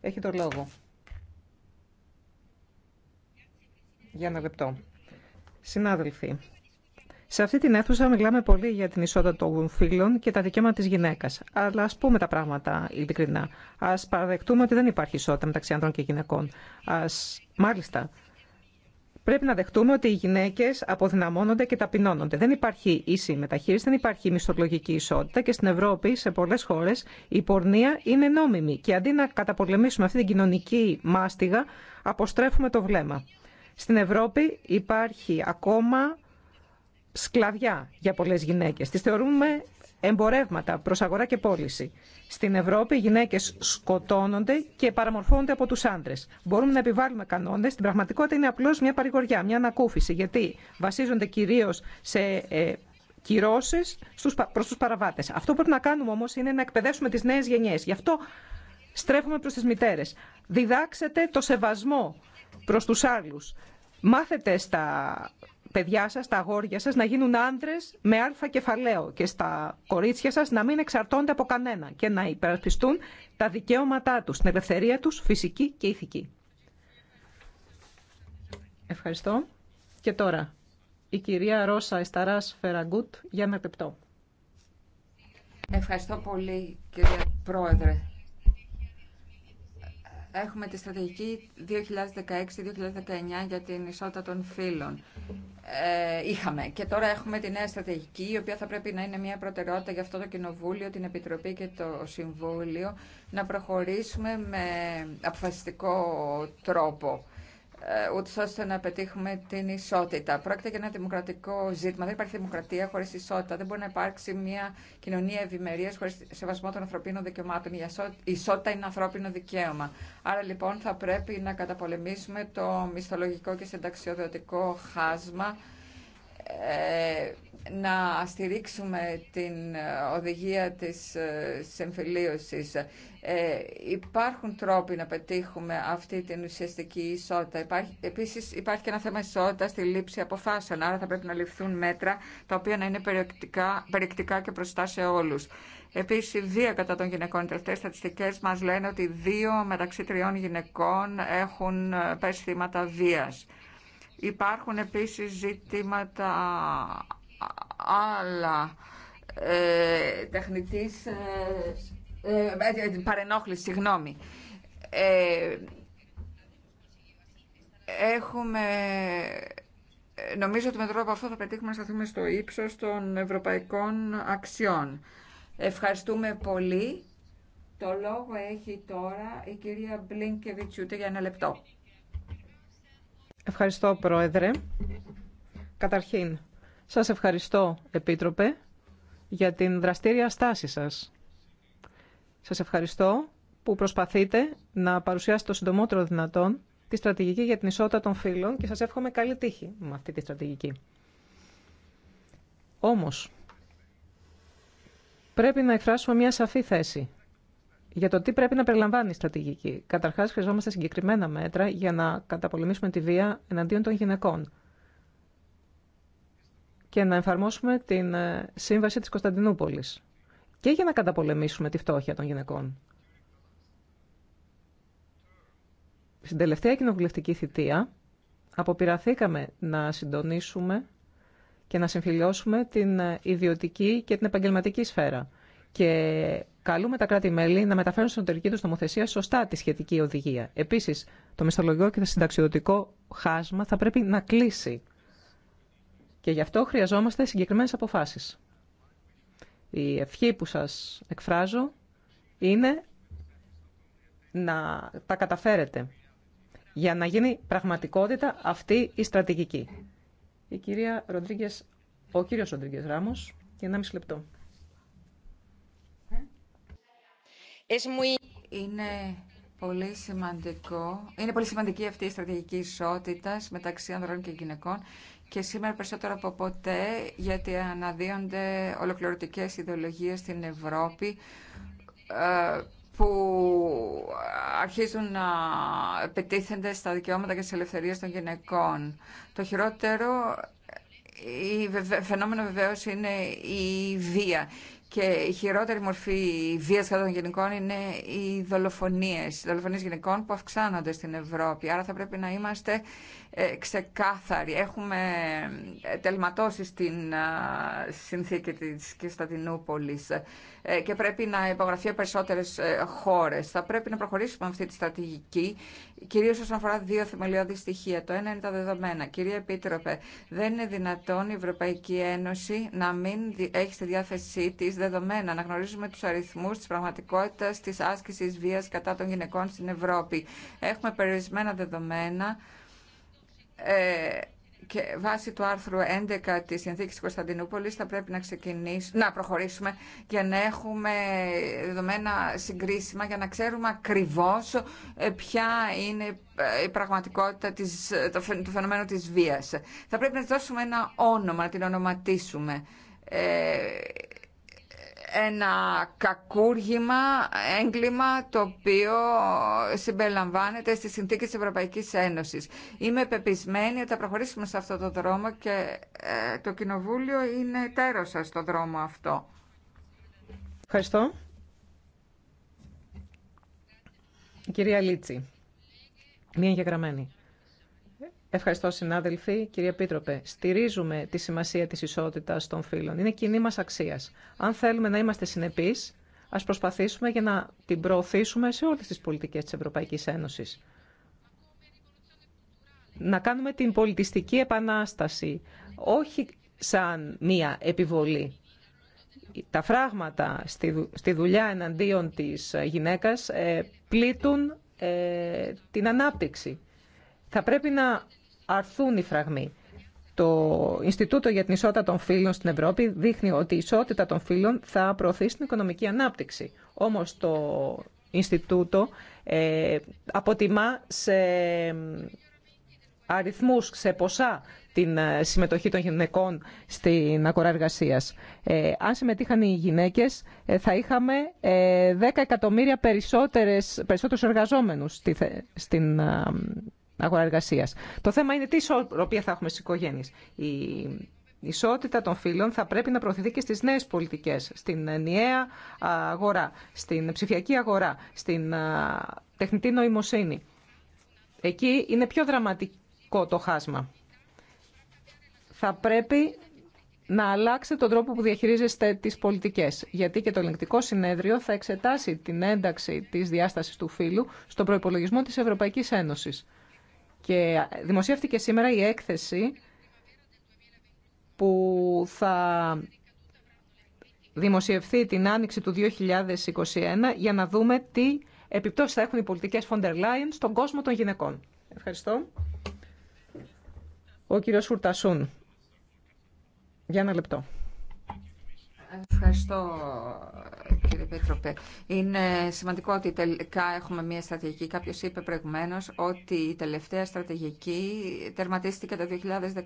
έχει το λόγο. Για ένα λεπτό. Συνάδελφοι, σε αυτή την αίθουσα μιλάμε πολύ για την ισότητα των φίλων και τα δικαιώματα τη γυναίκα. Αλλά α πούμε τα πράγματα ειλικρινά. Α παραδεχτούμε ότι δεν υπάρχει ισότητα μεταξύ ανδρών και γυναικών. Ας, μάλιστα, πρέπει να δεχτούμε ότι οι γυναίκε αποδυναμώνονται και ταπεινώνονται. Δεν υπάρχει ίση μεταχείριση, δεν υπάρχει μισθολογική ισότητα και στην Ευρώπη, σε πολλέ χώρε, η πορνεία είναι νόμιμη. Και αντί να καταπολεμήσουμε αυτή την κοινωνική μάστιγα, αποστρέφουμε το βλέμμα. Στην Ευρώπη υπάρχει ακόμα σκλαβιά για πολλές γυναίκες. Τις θεωρούμε εμπορεύματα προς αγορά και πώληση. Στην Ευρώπη οι γυναίκες σκοτώνονται και παραμορφώνονται από τους άντρες. Μπορούμε να επιβάλλουμε κανόνες. Στην πραγματικότητα είναι απλώς μια παρηγοριά, μια ανακούφιση, γιατί βασίζονται κυρίως σε ε, κυρώσεις προς τους παραβάτες. Αυτό που πρέπει να κάνουμε όμως είναι να εκπαιδεύσουμε τις νέες γενιές. Γι' αυτό στρέφουμε προς τις μητέρες. Διδάξετε το σεβασμό προς τους άλλους. Μάθετε στα παιδιά σας, τα αγόρια σας να γίνουν άντρε με αλφα κεφαλαίο και στα κορίτσια σας να μην εξαρτώνται από κανένα και να υπερασπιστούν τα δικαιώματά τους, την ελευθερία τους φυσική και ηθική. Ευχαριστώ. Και τώρα η κυρία Ρώσα Εσταρά Φεραγκούτ για ένα λεπτό. Ευχαριστώ πολύ κυρία Πρόεδρε. Έχουμε τη στρατηγική 2016-2019 για την ισότητα των φύλων. Ε, είχαμε. Και τώρα έχουμε τη νέα στρατηγική, η οποία θα πρέπει να είναι μια προτεραιότητα για αυτό το Κοινοβούλιο, την Επιτροπή και το Συμβούλιο, να προχωρήσουμε με αποφασιστικό τρόπο. Ε, ούτως ώστε να πετύχουμε την ισότητα. Πρόκειται για ένα δημοκρατικό ζήτημα. Δεν υπάρχει δημοκρατία χωρίς ισότητα. Δεν μπορεί να υπάρξει μια κοινωνία ευημερία χωρίς σεβασμό των ανθρωπίνων δικαιωμάτων. Η ισότητα είναι ανθρώπινο δικαίωμα. Άρα λοιπόν θα πρέπει να καταπολεμήσουμε το μισθολογικό και συνταξιοδοτικό χάσμα ε, να στηρίξουμε την ε, οδηγία της ε, εμφυλίωσης. υπάρχουν τρόποι να πετύχουμε αυτή την ουσιαστική ισότητα. Υπάρχει, επίσης υπάρχει και ένα θέμα ισότητα στη λήψη αποφάσεων, άρα θα πρέπει να ληφθούν μέτρα τα οποία να είναι περιεκτικά, και προστά σε όλους. Επίσης, η βία κατά των γυναικών, οι τελευταίες στατιστικές μας λένε ότι δύο μεταξύ τριών γυναικών έχουν πέσει θύματα βίας. Υπάρχουν επίσης ζητήματα άλλα ε, τεχνητής ε, ε, ε παρενόχληση, συγγνώμη. Ε, έχουμε... Νομίζω ότι με τρόπο αυτό θα πετύχουμε να σταθούμε στο ύψος των ευρωπαϊκών αξιών. Ευχαριστούμε πολύ. Το λόγο έχει τώρα η κυρία Μπλίνκεβιτσιούτη για ένα λεπτό. Ευχαριστώ, Πρόεδρε. Καταρχήν, σας ευχαριστώ, Επίτροπε, για την δραστήρια στάση σας. Σας ευχαριστώ που προσπαθείτε να παρουσιάσετε το συντομότερο δυνατόν τη στρατηγική για την ισότητα των φύλων και σας εύχομαι καλή τύχη με αυτή τη στρατηγική. Όμως, πρέπει να εκφράσουμε μια σαφή θέση για το τι πρέπει να περιλαμβάνει η στρατηγική. Καταρχάς, χρειαζόμαστε συγκεκριμένα μέτρα για να καταπολεμήσουμε τη βία εναντίον των γυναικών και να εφαρμόσουμε την ε, Σύμβαση της Κωνσταντινούπολης και για να καταπολεμήσουμε τη φτώχεια των γυναικών. Στην τελευταία κοινοβουλευτική θητεία αποπειραθήκαμε να συντονίσουμε και να συμφιλιώσουμε την ε, ιδιωτική και την επαγγελματική σφαίρα. Και καλούμε τα κράτη-μέλη να μεταφέρουν στην εσωτερική του νομοθεσία σωστά τη σχετική οδηγία. Επίση, το μισθολογικό και το συνταξιδοτικό χάσμα θα πρέπει να κλείσει. Και γι' αυτό χρειαζόμαστε συγκεκριμένε αποφάσει. Η ευχή που σα εκφράζω είναι να τα καταφέρετε για να γίνει πραγματικότητα αυτή η στρατηγική. Η κυρία ο κύριος Ροντρίγκες Ράμος, για ένα λεπτό. Είναι πολύ σημαντικό. Είναι πολύ σημαντική αυτή η στρατηγική ισότητα μεταξύ ανδρών και γυναικών και σήμερα περισσότερο από ποτέ γιατί αναδύονται ολοκληρωτικές ιδεολογίες στην Ευρώπη ε, που αρχίζουν να επιτίθενται στα δικαιώματα και στις ελευθερίες των γυναικών. Το χειρότερο φαινόμενο βεβαίως είναι η βία. Και η χειρότερη μορφή βίας κατά των γυναικών είναι οι δολοφονίες, οι δολοφονίε γυναικών που αυξάνονται στην Ευρώπη. Άρα θα πρέπει να είμαστε ε, ξεκάθαρη. Έχουμε ε, τελματώσει στην ε, συνθήκη της Κισταντινούπολης και πρέπει να υπογραφεί περισσότερες χώρες. Θα πρέπει να προχωρήσουμε αυτή τη στρατηγική, κυρίως όσον αφορά δύο θεμελιώδη στοιχεία. Το ένα είναι τα δεδομένα. Κυρία Επίτροπε, δεν είναι δυνατόν η Ευρωπαϊκή Ένωση να μην έχει στη διάθεσή της δεδομένα, να γνωρίζουμε τους αριθμούς της πραγματικότητας της άσκησης βίας κατά των γυναικών στην Ευρώπη. Έχουμε περιορισμένα δεδομένα ε, και βάσει του άρθρου 11 της Συνθήκης Κωνσταντινούπολης θα πρέπει να, ξεκινήσουμε, να προχωρήσουμε για να έχουμε δεδομένα συγκρίσιμα, για να ξέρουμε ακριβώς ε, ποια είναι ε, η πραγματικότητα του φαινομένου της βίας. Θα πρέπει να δώσουμε ένα όνομα, να την ονοματίσουμε. Ε, ένα κακούργημα, έγκλημα το οποίο συμπεριλαμβάνεται στη συνθήκη της Ευρωπαϊκής Ένωσης. Είμαι πεπισμένη ότι θα προχωρήσουμε σε αυτό το δρόμο και ε, το Κοινοβούλιο είναι τέρος σας στον δρόμο αυτό. Ευχαριστώ. κυρία Λίτση, μία εγγεγραμμένη. Ευχαριστώ συνάδελφοι. Κύριε Πίτροπε, στηρίζουμε τη σημασία της ισότητας των φύλων. Είναι κοινή μα αξίας. Αν θέλουμε να είμαστε συνεπείς, ας προσπαθήσουμε για να την προωθήσουμε σε όλες τις πολιτικές τη Ευρωπαϊκής Ένωσης. Να κάνουμε την πολιτιστική επανάσταση, όχι σαν μία επιβολή. Τα φράγματα στη δουλειά εναντίον της γυναίκας ε, πλήττουν ε, την ανάπτυξη. Θα πρέπει να αρθούν οι φραγμοί. Το Ινστιτούτο για την Ισότητα των Φύλων στην Ευρώπη δείχνει ότι η ισότητα των φύλων θα προωθεί στην οικονομική ανάπτυξη. Όμως το Ινστιτούτο ε, αποτιμά σε αριθμούς, σε ποσά την ε, συμμετοχή των γυναικών στην αγορά εργασία. Ε, αν συμμετείχαν οι γυναίκε, ε, θα είχαμε 10 ε, εκατομμύρια περισσότερου εργαζόμενου στην αγορά Το θέμα είναι τι ισορροπία θα έχουμε στι οικογένειε. Η ισότητα των φύλων θα πρέπει να προωθηθεί και στι νέε πολιτικέ. στην ενιαία αγορά, στην ψηφιακή αγορά, στην τεχνητή νοημοσύνη. Εκεί είναι πιο δραματικό το χάσμα. Θα πρέπει να αλλάξετε τον τρόπο που διαχειρίζεστε τις πολιτικές. Γιατί και το ελεγκτικό συνέδριο θα εξετάσει την ένταξη της διάστασης του φύλου στον προϋπολογισμό της Ευρωπαϊκής Ένωσης. Και δημοσιεύτηκε σήμερα η έκθεση που θα δημοσιευθεί την άνοιξη του 2021 για να δούμε τι επιπτώσεις θα έχουν οι πολιτικές Φοντερ Λάιν στον κόσμο των γυναικών. Ευχαριστώ. Ο κύριος Φουρτασούν. Για ένα λεπτό. Ευχαριστώ κύριε Πέτροπε. Είναι σημαντικό ότι τελικά έχουμε μια στρατηγική. Κάποιος είπε προηγουμένω ότι η τελευταία στρατηγική τερματίστηκε το 2019.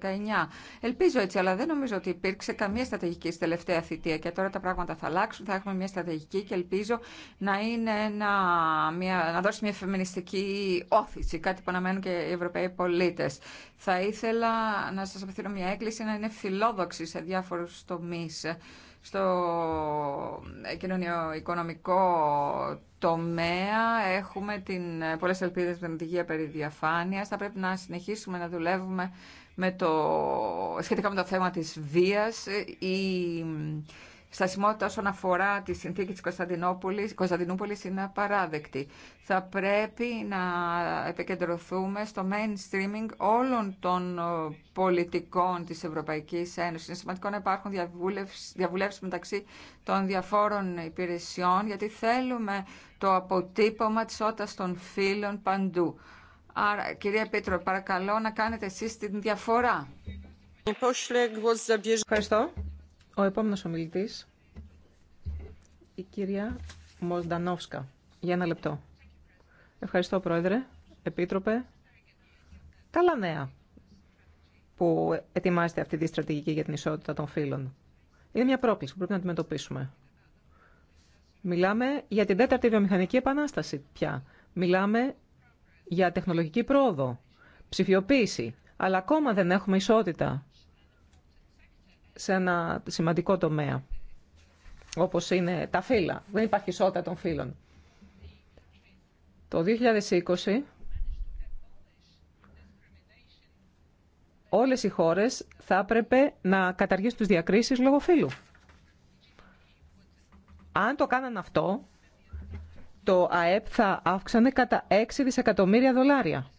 Ελπίζω έτσι, αλλά δεν νομίζω ότι υπήρξε καμία στρατηγική στη τελευταία θητεία. Και τώρα τα πράγματα θα αλλάξουν. Θα έχουμε μια στρατηγική και ελπίζω να, είναι ένα, μια, να δώσει μια φεμινιστική όθηση. Κάτι που αναμένουν και οι Ευρωπαίοι πολίτε. Θα ήθελα να σα απευθύνω μια έκκληση να είναι φιλόδοξη σε διάφορου τομεί στο κοινωνιο-οικονομικό τομέα. Έχουμε την, πολλές ελπίδες με την υγεία περί διαφάνειας. Θα πρέπει να συνεχίσουμε να δουλεύουμε με το, σχετικά με το θέμα της βίας. Η στασιμότητα όσον αφορά τη συνθήκη της Κωνσταντινούπολης, Κωνσταντινούπολης είναι απαράδεκτη. Θα πρέπει να επικεντρωθούμε στο mainstreaming όλων των ε, πολιτικών της Ευρωπαϊκής Ένωσης. Είναι σημαντικό να υπάρχουν διαβουλεύσεις μεταξύ των διαφόρων υπηρεσιών, γιατί θέλουμε το αποτύπωμα της ότας των φίλων παντού. Άρα, κυρία Πίτρο, παρακαλώ να κάνετε εσείς την διαφορά. Ευχαριστώ. Ο επόμενος ομιλητής, η κυρία Μολντανόφσκα. Για ένα λεπτό. Ευχαριστώ, Πρόεδρε, Επίτροπε. Καλά νέα που ετοιμάζεται αυτή τη στρατηγική για την ισότητα των φύλων. Είναι μια πρόκληση που πρέπει να αντιμετωπίσουμε. Μιλάμε για την τέταρτη βιομηχανική επανάσταση πια. Μιλάμε για τεχνολογική πρόοδο, ψηφιοποίηση, αλλά ακόμα δεν έχουμε ισότητα σε ένα σημαντικό τομέα, όπως είναι τα φύλλα. Δεν υπάρχει ισότητα των φύλων. Το 2020 όλες οι χώρες θα έπρεπε να καταργήσουν τις διακρίσεις λόγω φύλου. Αν το κάναν αυτό, το ΑΕΠ θα αύξανε κατά 6 δισεκατομμύρια δολάρια.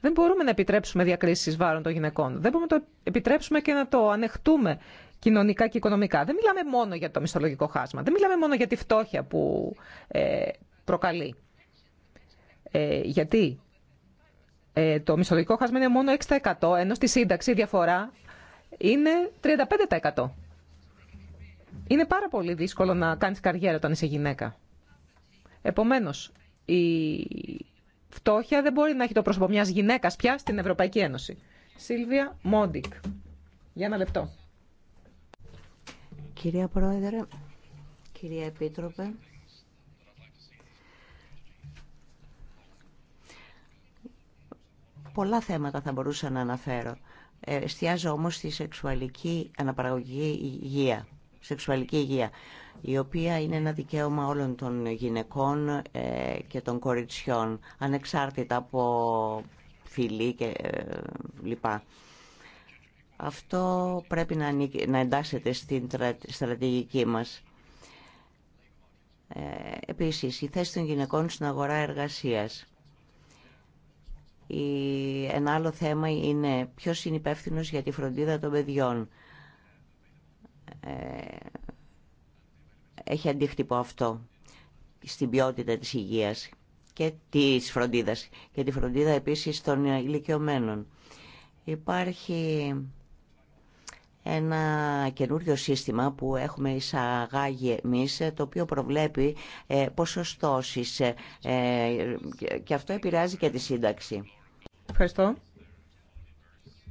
Δεν μπορούμε να επιτρέψουμε διακρίσει βάρων των γυναικών. Δεν μπορούμε να το επιτρέψουμε και να το ανεχτούμε κοινωνικά και οικονομικά. Δεν μιλάμε μόνο για το μισθολογικό χάσμα. Δεν μιλάμε μόνο για τη φτώχεια που ε, προκαλεί. Ε, γιατί ε, το μισθολογικό χάσμα είναι μόνο 6%, ενώ στη σύνταξη η διαφορά είναι 35%. Είναι πάρα πολύ δύσκολο να κάνεις καριέρα όταν είσαι γυναίκα. Επομένως, η φτώχεια δεν μπορεί να έχει το πρόσωπο μιας γυναίκας πια στην Ευρωπαϊκή Ένωση. Σίλβια Μόντικ. Για ένα λεπτό. Κυρία Πρόεδρε, κυρία Επίτροπε, πολλά θέματα θα μπορούσα να αναφέρω. Ε, εστιάζω όμως στη σεξουαλική αναπαραγωγική υγεία σεξουαλική υγεία, η οποία είναι ένα δικαίωμα όλων των γυναικών ε, και των κοριτσιών, ανεξάρτητα από φιλή και ε, λοιπά. Αυτό πρέπει να εντάσσεται στην στρατηγική μας. Ε, επίσης, η θέση των γυναικών στην αγορά εργασίας. Ένα άλλο θέμα είναι ποιος είναι υπεύθυνο για τη φροντίδα των παιδιών. Ε, έχει αντίχτυπο αυτό στην ποιότητα της υγείας και της φροντίδας και τη φροντίδα επίσης των ηλικιωμένων. Υπάρχει ένα καινούριο σύστημα που έχουμε εισαγάγει εμείς, το οποίο προβλέπει ε, ποσοστώσεις ε, ε, και αυτό επηρεάζει και τη σύνταξη. Ευχαριστώ.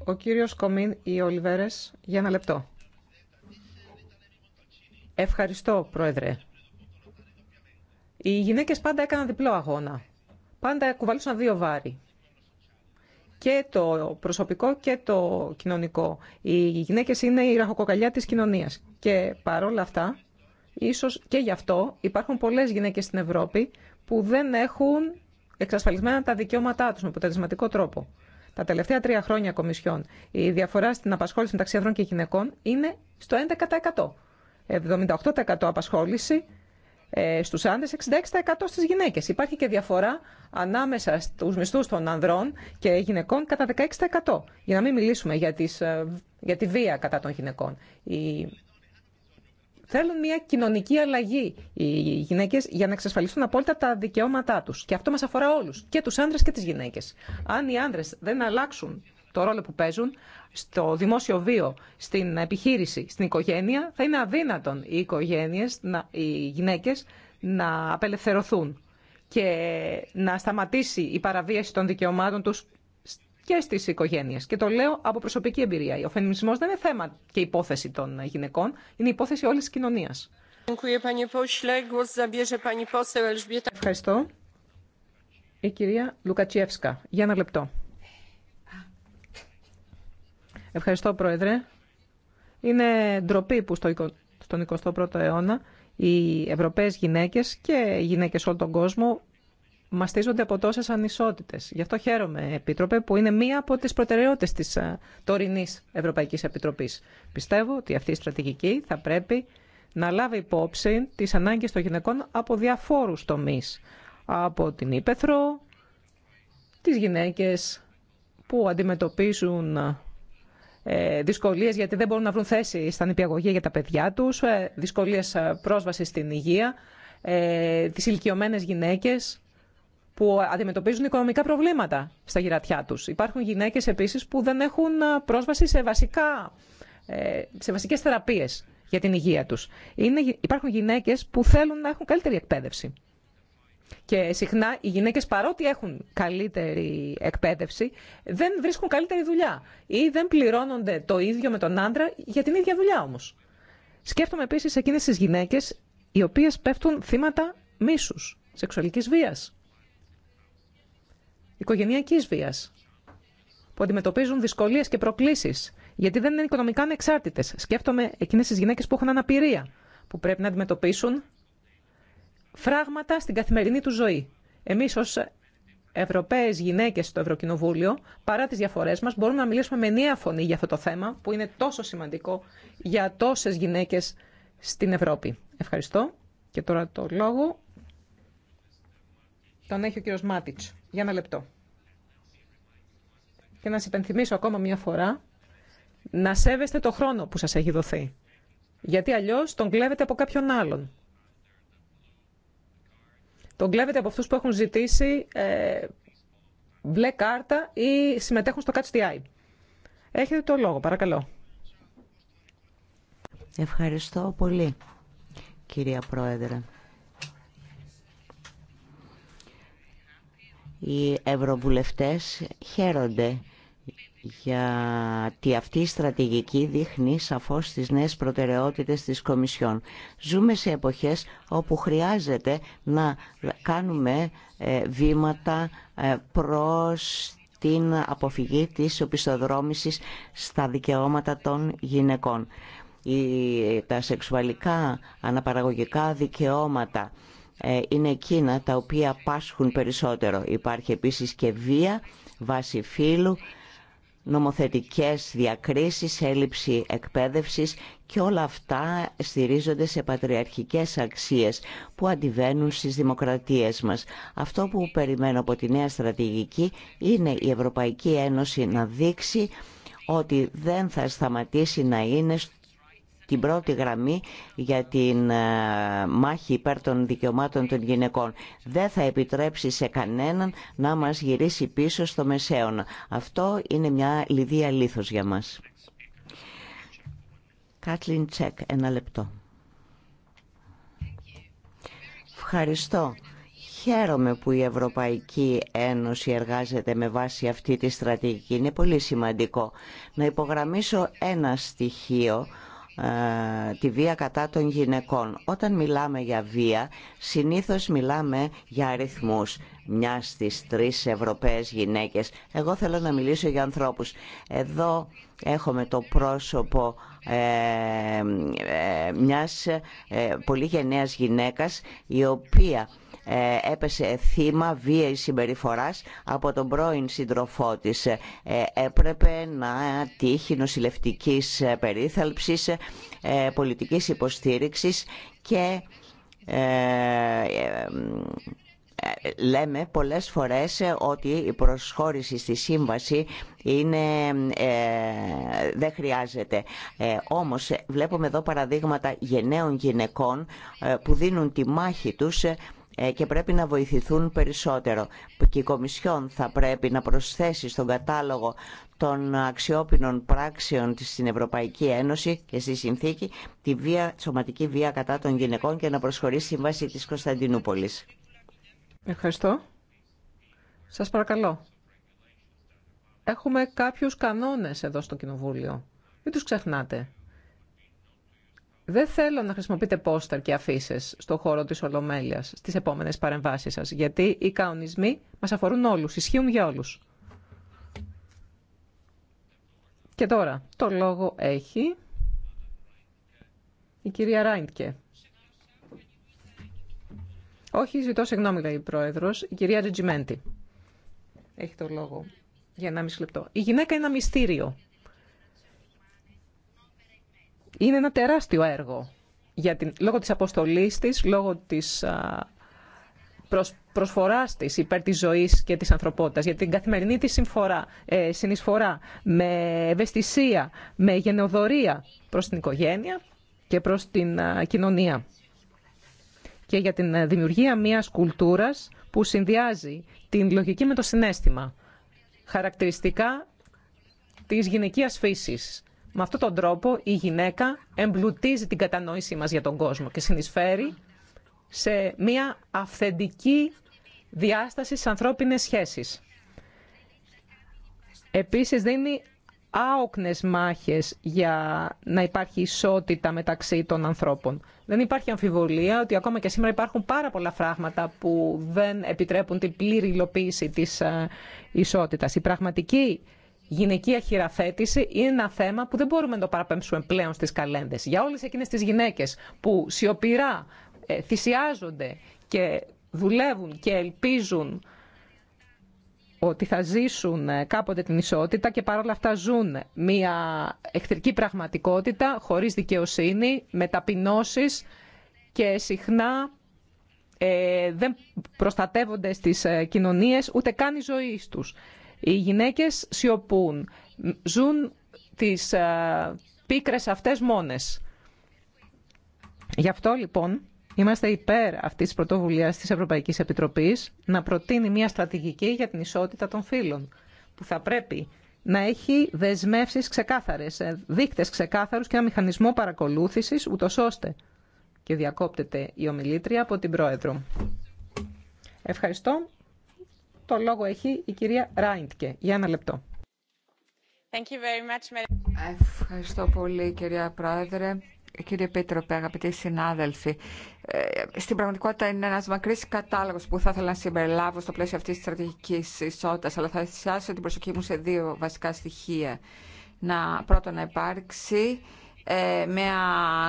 Ο κύριος Κομίν ή Ολιβέρες για ένα λεπτό. Ευχαριστώ, Πρόεδρε. Οι γυναίκε πάντα έκαναν διπλό αγώνα. Πάντα κουβαλούσαν δύο βάρη. Και το προσωπικό και το κοινωνικό. Οι γυναίκε είναι η ραχοκοκαλιά της κοινωνίας. Και παρόλα αυτά, ίσως και γι' αυτό υπάρχουν πολλές γυναίκες στην Ευρώπη που δεν έχουν εξασφαλισμένα τα δικαιώματά τους με αποτελεσματικό τρόπο. Τα τελευταία τρία χρόνια Κομισιόν, η διαφορά στην απασχόληση μεταξύ ανδρών και γυναικών είναι στο 11%. 78% απασχόληση ε, στους άντρες, 66% στις γυναίκες. Υπάρχει και διαφορά ανάμεσα στους μισθούς των ανδρών και γυναικών κατά 16%. Για να μην μιλήσουμε για, τις, ε, για τη βία κατά των γυναικών. Θέλουν μια κοινωνική αλλαγή οι γυναίκες για να εξασφαλιστούν απόλυτα τα δικαιώματά τους. Και αυτό μας αφορά όλους, και τους άνδρες και τις γυναίκες. Αν οι άνδρες δεν αλλάξουν το ρόλο που παίζουν στο δημόσιο βίο, στην επιχείρηση, στην οικογένεια, θα είναι αδύνατον οι οικογένειες, οι γυναίκες να απελευθερωθούν και να σταματήσει η παραβίαση των δικαιωμάτων τους και στις οικογένειες. Και το λέω από προσωπική εμπειρία. Ο φεμινισμός δεν είναι θέμα και υπόθεση των γυναικών, είναι υπόθεση όλης της κοινωνίας. Ευχαριστώ. Η κυρία Λουκατσιεύσκα. Για ένα λεπτό. Ευχαριστώ, Πρόεδρε. Είναι ντροπή που στον 21ο αιώνα οι Ευρωπαίες γυναίκες και οι γυναίκες όλων τον κόσμο μαστίζονται από τόσες ανισότητες. Γι' αυτό χαίρομαι, Επίτροπε, που είναι μία από τις προτεραιότητες της ε, τωρινής Ευρωπαϊκής Επιτροπής. Πιστεύω ότι αυτή η στρατηγική θα πρέπει να λάβει υπόψη τις ανάγκες των γυναικών από διαφόρους τομείς. Από την Ήπεθρο, τις γυναίκες που αντιμετωπίζουν ε, δυσκολίες γιατί δεν μπορούν να βρουν θέση στα νηπιαγωγεία για τα παιδιά τους, ε, δυσκολίες ε, πρόσβασης στην υγεία, τις ηλικιωμένες γυναίκες που αντιμετωπίζουν οικονομικά προβλήματα στα γυρατιά τους. Υπάρχουν γυναίκες επίσης που δεν έχουν πρόσβαση σε, βασικά, σε βασικές θεραπείες για την υγεία τους. υπάρχουν γυναίκε που θέλουν να έχουν καλύτερη εκπαίδευση. Και συχνά οι γυναίκες παρότι έχουν καλύτερη εκπαίδευση δεν βρίσκουν καλύτερη δουλειά ή δεν πληρώνονται το ίδιο με τον άντρα για την ίδια δουλειά όμως. Σκέφτομαι επίσης εκείνες τις γυναίκες οι οποίες πέφτουν θύματα μίσους, σεξουαλικής βίας, οικογενειακής βίας, που αντιμετωπίζουν δυσκολίες και προκλήσεις, γιατί δεν είναι οικονομικά ανεξάρτητες. Σκέφτομαι εκείνες τις γυναίκες που έχουν αναπηρία, που πρέπει να αντιμετωπίσουν φράγματα στην καθημερινή του ζωή. Εμείς ως Ευρωπαίες γυναίκες στο Ευρωκοινοβούλιο, παρά τις διαφορές μας, μπορούμε να μιλήσουμε με νέα φωνή για αυτό το θέμα που είναι τόσο σημαντικό για τόσες γυναίκες στην Ευρώπη. Ευχαριστώ. Και τώρα το λόγο τον έχει ο κύριος Μάτιτς. Για ένα λεπτό. Και να σας υπενθυμίσω ακόμα μια φορά να σέβεστε το χρόνο που σας έχει δοθεί. Γιατί αλλιώς τον κλέβετε από κάποιον άλλον. Τον κλέβετε από αυτούς που έχουν ζητήσει ε, μπλε κάρτα ή συμμετέχουν στο Catch Έχετε το λόγο, παρακαλώ. Ευχαριστώ πολύ, κυρία Πρόεδρε. Οι ευρωβουλευτές χαίρονται γιατί αυτή η στρατηγική δείχνει σαφώς τις νέες προτεραιότητες της Κομισιόν. Ζούμε σε εποχές όπου χρειάζεται να κάνουμε ε, βήματα ε, προς την αποφυγή της οπισθοδρόμησης στα δικαιώματα των γυναικών. Τα σεξουαλικά αναπαραγωγικά δικαιώματα ε, είναι εκείνα τα οποία πάσχουν περισσότερο. Υπάρχει επίσης και βία βάσει φύλου νομοθετικές διακρίσεις, έλλειψη εκπαίδευσης και όλα αυτά στηρίζονται σε πατριαρχικές αξίες που αντιβαίνουν στις δημοκρατίες μας. Αυτό που περιμένω από τη νέα στρατηγική είναι η Ευρωπαϊκή Ένωση να δείξει ότι δεν θα σταματήσει να είναι την πρώτη γραμμή για την ε, μάχη υπέρ των δικαιωμάτων των γυναικών. Δεν θα επιτρέψει σε κανέναν να μας γυρίσει πίσω στο μεσαίωνα. Αυτό είναι μια λιδία λίθος για μας. Κάτλιν Τσεκ, ένα λεπτό. Ευχαριστώ. Χαίρομαι που η Ευρωπαϊκή Ένωση εργάζεται με βάση αυτή τη στρατηγική. Είναι πολύ σημαντικό. Να υπογραμμίσω ένα στοιχείο ε, τη βία κατά των γυναικών. Όταν μιλάμε για βία, συνήθως μιλάμε για αριθμούς. Μια στις τρεις Ευρωπαίες γυναίκες. Εγώ θέλω να μιλήσω για ανθρώπους. Εδώ έχουμε το πρόσωπο μιας ε, πολύ γενναίας γυναίκας η οποία ε, έπεσε θύμα βίαιης συμπεριφοράς από τον πρώην σύντροφό της. Ε, έπρεπε να τύχει νοσηλευτικής περίθαλψης, πολιτικής υποστήριξης και ε, λέμε πολλές φορές ε, ότι η προσχώρηση στη σύμβαση είναι, ε, δεν χρειάζεται. όμως βλέπουμε εδώ παραδείγματα γενναίων γυναικών που δίνουν τη μάχη τους και πρέπει να βοηθηθούν περισσότερο. Και η Κομισιόν θα πρέπει να προσθέσει στον κατάλογο των αξιόπινων πράξεων στην Ευρωπαϊκή Ένωση και στη συνθήκη τη βία, σωματική βία κατά των γυναικών και να προσχωρήσει η σύμβαση της Κωνσταντινούπολης. Ευχαριστώ. Σας παρακαλώ. Έχουμε κάποιους κανόνες εδώ στο Κοινοβούλιο. Μην τους ξεχνάτε. Δεν θέλω να χρησιμοποιείτε πόσταρ και αφήσει στο χώρο της Ολομέλειας, στις επόμενες παρεμβάσεις σας, γιατί οι κανονισμοί μας αφορούν όλους, ισχύουν για όλους. Και τώρα, το λόγο έχει η κυρία Ράιντκε. Όχι, ζητώ συγγνώμη, λέει η πρόεδρο. Η κυρία Τζιτζιμέντη. Έχει το λόγο. Για ένα μισή λεπτό. Η γυναίκα είναι ένα μυστήριο. Είναι ένα τεράστιο έργο. Για την, λόγω της αποστολής της, λόγω της α, προσφοράς της υπέρ της ζωής και της ανθρωπότητας, για την καθημερινή της συμφορά, ε, συνεισφορά, με ευαισθησία, με γενεοδορία προς την οικογένεια και προς την κοινωνία και για την ε, δημιουργία μιας κουλτούρας που συνδυάζει την λογική με το συνέστημα. Χαρακτηριστικά της γυναικείας φύσης. Με αυτόν τον τρόπο η γυναίκα εμπλουτίζει την κατανόησή μας για τον κόσμο και συνεισφέρει σε μια αυθεντική διάσταση στις ανθρώπινες σχέσεις. Επίσης δίνει άοκνες μάχες για να υπάρχει ισότητα μεταξύ των ανθρώπων. Δεν υπάρχει αμφιβολία ότι ακόμα και σήμερα υπάρχουν πάρα πολλά φράγματα που δεν επιτρέπουν την πλήρη υλοποίηση της ε, ισότητας. Η πραγματική γυναικεία χειραφέτηση είναι ένα θέμα που δεν μπορούμε να το παραπέμψουμε πλέον στις καλένδες. Για όλες εκείνες τις γυναίκες που σιωπηρά ε, θυσιάζονται και δουλεύουν και ελπίζουν ότι θα ζήσουν ε, κάποτε την ισότητα και παρόλα αυτά ζουν μια εχθρική πραγματικότητα χωρίς δικαιοσύνη, με ταπεινώσεις και συχνά ε, δεν προστατεύονται στις ε, κοινωνίες ούτε καν η ζωή τους. Οι γυναίκες σιωπούν, ζουν τις ε, πίκρες αυτές μόνες. Γι' αυτό λοιπόν Είμαστε υπέρ αυτή τη πρωτοβουλία τη Ευρωπαϊκή Επιτροπή να προτείνει μια στρατηγική για την ισότητα των φύλων, που θα πρέπει να έχει δεσμεύσει ξεκάθαρε, ε, δείκτε ξεκάθαρου και ένα μηχανισμό παρακολούθηση, ούτω ώστε. Και διακόπτεται η ομιλήτρια από την Πρόεδρο. Ευχαριστώ. Το λόγο έχει η κυρία Ράιντκε. Για ένα λεπτό. Thank you very much. Ευχαριστώ πολύ κυρία Πρόεδρε κύριε Πίτροπε, αγαπητοί συνάδελφοι, ε, στην πραγματικότητα είναι ένα μακρύ κατάλογο που θα ήθελα να συμπεριλάβω στο πλαίσιο αυτή τη στρατηγική ισότητα, αλλά θα εστιάσω την προσοχή μου σε δύο βασικά στοιχεία. Να, πρώτον, να υπάρξει ε, μια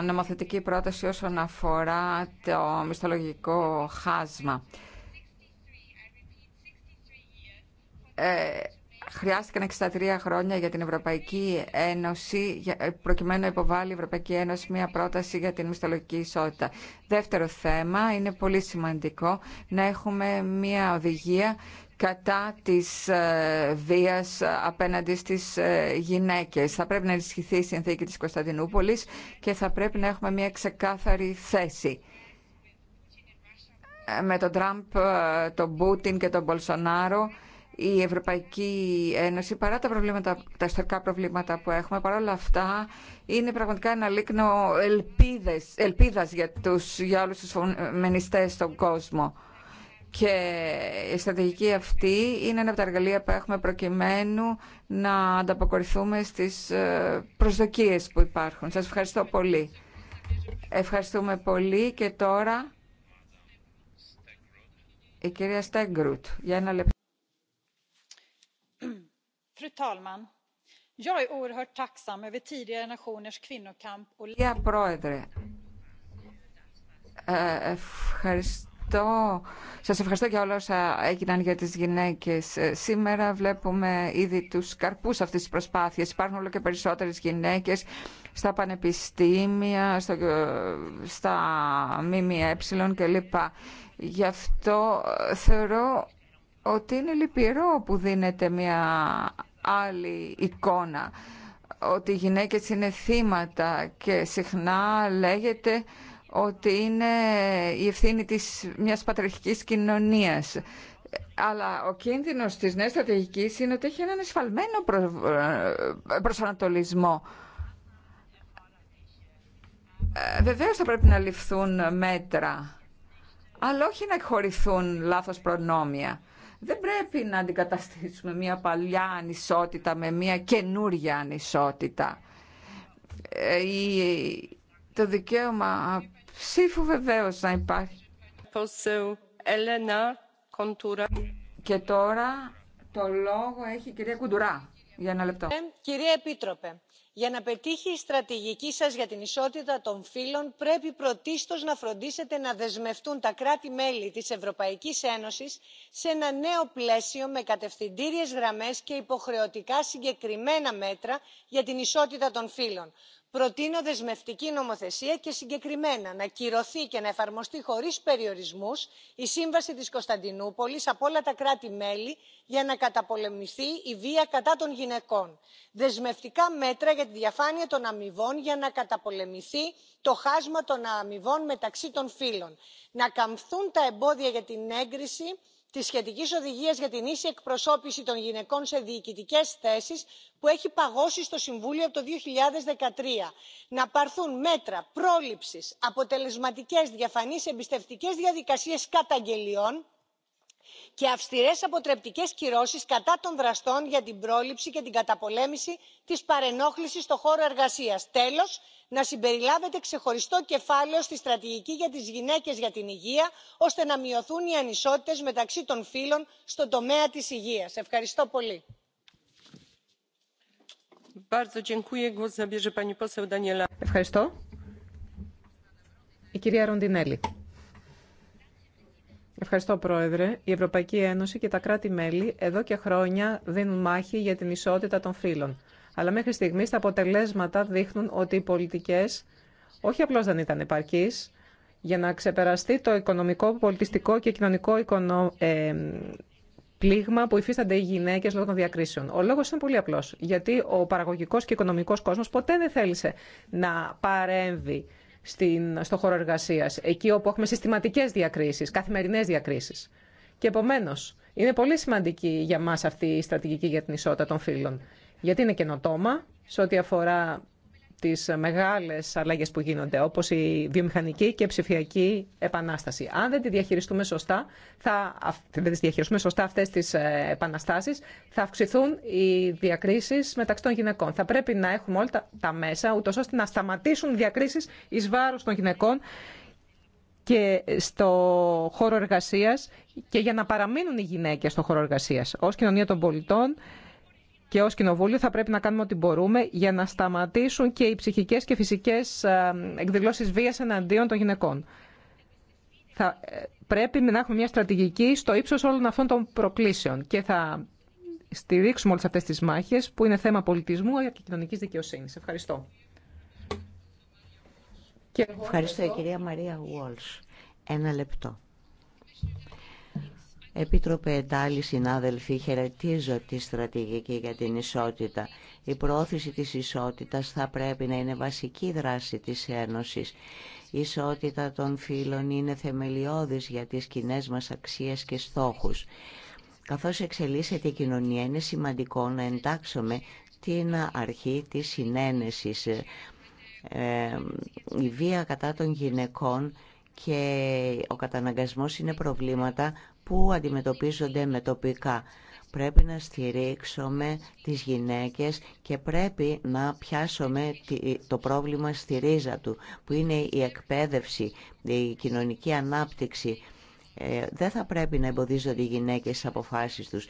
νομοθετική πρόταση όσον αφορά το μισθολογικό χάσμα. Ε, χρειάστηκαν 63 χρόνια για την Ευρωπαϊκή Ένωση, ε, προκειμένου να υποβάλει η Ευρωπαϊκή Ένωση μια πρόταση για την μισθολογική ισότητα. Δεύτερο θέμα, είναι πολύ σημαντικό να έχουμε μια οδηγία κατά της ε, βίας ε, απέναντι στις γυναίκες. Θα πρέπει να ενισχυθεί η συνθήκη της Κωνσταντινούπολης και θα πρέπει να έχουμε μια ξεκάθαρη θέση με τον Τραμπ, τον Πούτιν και τον Μπολσονάρο η Ευρωπαϊκή Ένωση, παρά τα, προβλήματα, τα ιστορικά προβλήματα που έχουμε, όλα αυτά είναι πραγματικά ένα λίκνο ελπίδες, ελπίδας για, τους, για όλους τους μενιστές στον κόσμο. Και η στρατηγική αυτή είναι ένα από τα εργαλεία που έχουμε προκειμένου να ανταποκριθούμε στις ε, προσδοκίες που υπάρχουν. Σας ευχαριστώ πολύ. Ευχαριστούμε πολύ και τώρα η κυρία Στέγκρουτ για ένα Fru talman! Jag är oerhört tacksam över tidigare generationers kvinnokamp och... πρόεδρε. ευχαριστώ. Σας ευχαριστώ για όλα όσα έγιναν για τις γυναίκες. Σήμερα βλέπουμε ήδη τους καρπούς αυτής της προσπάθειας. Υπάρχουν όλο και περισσότερες γυναίκες στα πανεπιστήμια, στα ΜΜΕ κλπ. Γι' αυτό θεωρώ ότι είναι λυπηρό που δίνεται μια άλλη εικόνα ότι οι γυναίκες είναι θύματα και συχνά λέγεται ότι είναι η ευθύνη της μιας πατριαρχικής κοινωνίας. Αλλά ο κίνδυνος της νέας στρατηγικής είναι ότι έχει έναν εσφαλμένο προ... προσανατολισμό. Ε, βεβαίως θα πρέπει να ληφθούν μέτρα, αλλά όχι να εκχωρηθούν λάθος προνόμια. Δεν πρέπει να αντικαταστήσουμε μια παλιά ανισότητα με μια καινούργια ανισότητα. Ε, το δικαίωμα ψήφου βεβαίως να υπάρχει. Και τώρα το λόγο έχει η κυρία Κουντουρά για ένα λεπτό. Ε, κυρία Επίτροπε, για να πετύχει η στρατηγική σας για την ισότητα των φύλων πρέπει πρωτίστως να φροντίσετε να δεσμευτούν τα κράτη μέλη της ευρωπαϊκής ένωσης σε ένα νέο πλαίσιο με κατευθυντήριες γραμμές και υποχρεωτικά συγκεκριμένα μέτρα για την ισότητα των φύλων προτείνω δεσμευτική νομοθεσία και συγκεκριμένα να κυρωθεί και να εφαρμοστεί χωρίς περιορισμούς η σύμβαση της κωνσταντινούπολης από όλα τα κράτη μέλη για να καταπολεμηθεί η βία κατά των γυναικών δεσμευτικά μέτρα για τη διαφάνεια των αμοιβών για να καταπολεμηθεί το χάσμα των αμοιβών μεταξύ των φύλων να καμφθούν τα εμπόδια για την έγκριση Τη σχετική οδηγία για την ίση εκπροσώπηση των γυναικών σε διοικητικές θέσεις που έχει παγώσει στο συμβούλιο από το 2013 να πάρθουν μέτρα πρόληψης αποτελεσματικέ διαφανεί, εμπιστευτικέ διαδικασίες καταγγελιών και αυστηρές αποτρεπτικές κυρώσεις κατά των δραστών για την πρόληψη και την καταπολέμηση της παρενόχλησης στον χώρο εργασίας. τέλος να συμπεριλάβεται ξεχωριστό κεφάλαιο στη στρατηγική για τις γυναίκες για την υγεία ώστε να μειωθούν οι ανισότητες μεταξύ των φύλων στον τομέα της υγείας. ευχαριστώ πολύ. Ευχαριστώ, Πρόεδρε. Η Ευρωπαϊκή Ένωση και τα κράτη-μέλη εδώ και χρόνια δίνουν μάχη για την ισότητα των φύλων. Αλλά μέχρι στιγμή τα αποτελέσματα δείχνουν ότι οι πολιτικέ όχι απλώ δεν ήταν επαρκεί για να ξεπεραστεί το οικονομικό, πολιτιστικό και κοινωνικό ε, πλήγμα που υφίστανται οι γυναίκε λόγω των διακρίσεων. Ο λόγο είναι πολύ απλό. Γιατί ο παραγωγικό και οικονομικό κόσμο ποτέ δεν θέλησε να παρέμβει στην, στο χώρο εργασία, εκεί όπου έχουμε συστηματικέ διακρίσει, καθημερινέ διακρίσει. Και επομένω, είναι πολύ σημαντική για μα αυτή η στρατηγική για την ισότητα των φύλων. Γιατί είναι καινοτόμα σε ό,τι αφορά τι μεγάλε αλλαγέ που γίνονται, όπω η βιομηχανική και ψηφιακή επανάσταση. Αν δεν τη διαχειριστούμε σωστά, θα, δεν τις διαχειριστούμε σωστά αυτές τις ε, επαναστάσεις, θα αυξηθούν οι διακρίσει μεταξύ των γυναικών. Θα πρέπει να έχουμε όλα τα, μέσα, ούτως ώστε να σταματήσουν διακρίσει ει βάρο των γυναικών και στο χώρο εργασίας και για να παραμείνουν οι γυναίκες στο χώρο εργασίας. Ως κοινωνία των πολιτών και ως Κοινοβούλιο θα πρέπει να κάνουμε ό,τι μπορούμε για να σταματήσουν και οι ψυχικές και φυσικές ε, εκδηλώσεις βίας εναντίον των γυναικών. Θα ε, πρέπει να έχουμε μια στρατηγική στο ύψος όλων αυτών των προκλήσεων και θα στηρίξουμε όλες αυτές τις μάχες που είναι θέμα πολιτισμού και κοινωνικής δικαιοσύνης. Ευχαριστώ. Ευχαριστώ, κυρία Μαρία Walsh. Ένα λεπτό. Επίτροπε εντάλληλοι συνάδελφοι, χαιρετίζω τη στρατηγική για την ισότητα. Η προώθηση της ισότητας θα πρέπει να είναι βασική δράση της Ένωσης. Η ισότητα των φύλων είναι θεμελιώδης για τις κοινέ μας αξίες και στόχους. Καθώς εξελίσσεται η κοινωνία, είναι σημαντικό να εντάξουμε την αρχή της συνένεσης. Ε, η βία κατά των γυναικών και ο καταναγκασμός είναι προβλήματα που αντιμετωπίζονται με τοπικά. Πρέπει να στηρίξουμε τις γυναίκες και πρέπει να πιάσουμε το πρόβλημα στη ρίζα του, που είναι η εκπαίδευση, η κοινωνική ανάπτυξη. Ε, δεν θα πρέπει να εμποδίζονται οι γυναίκες στις αποφάσεις τους.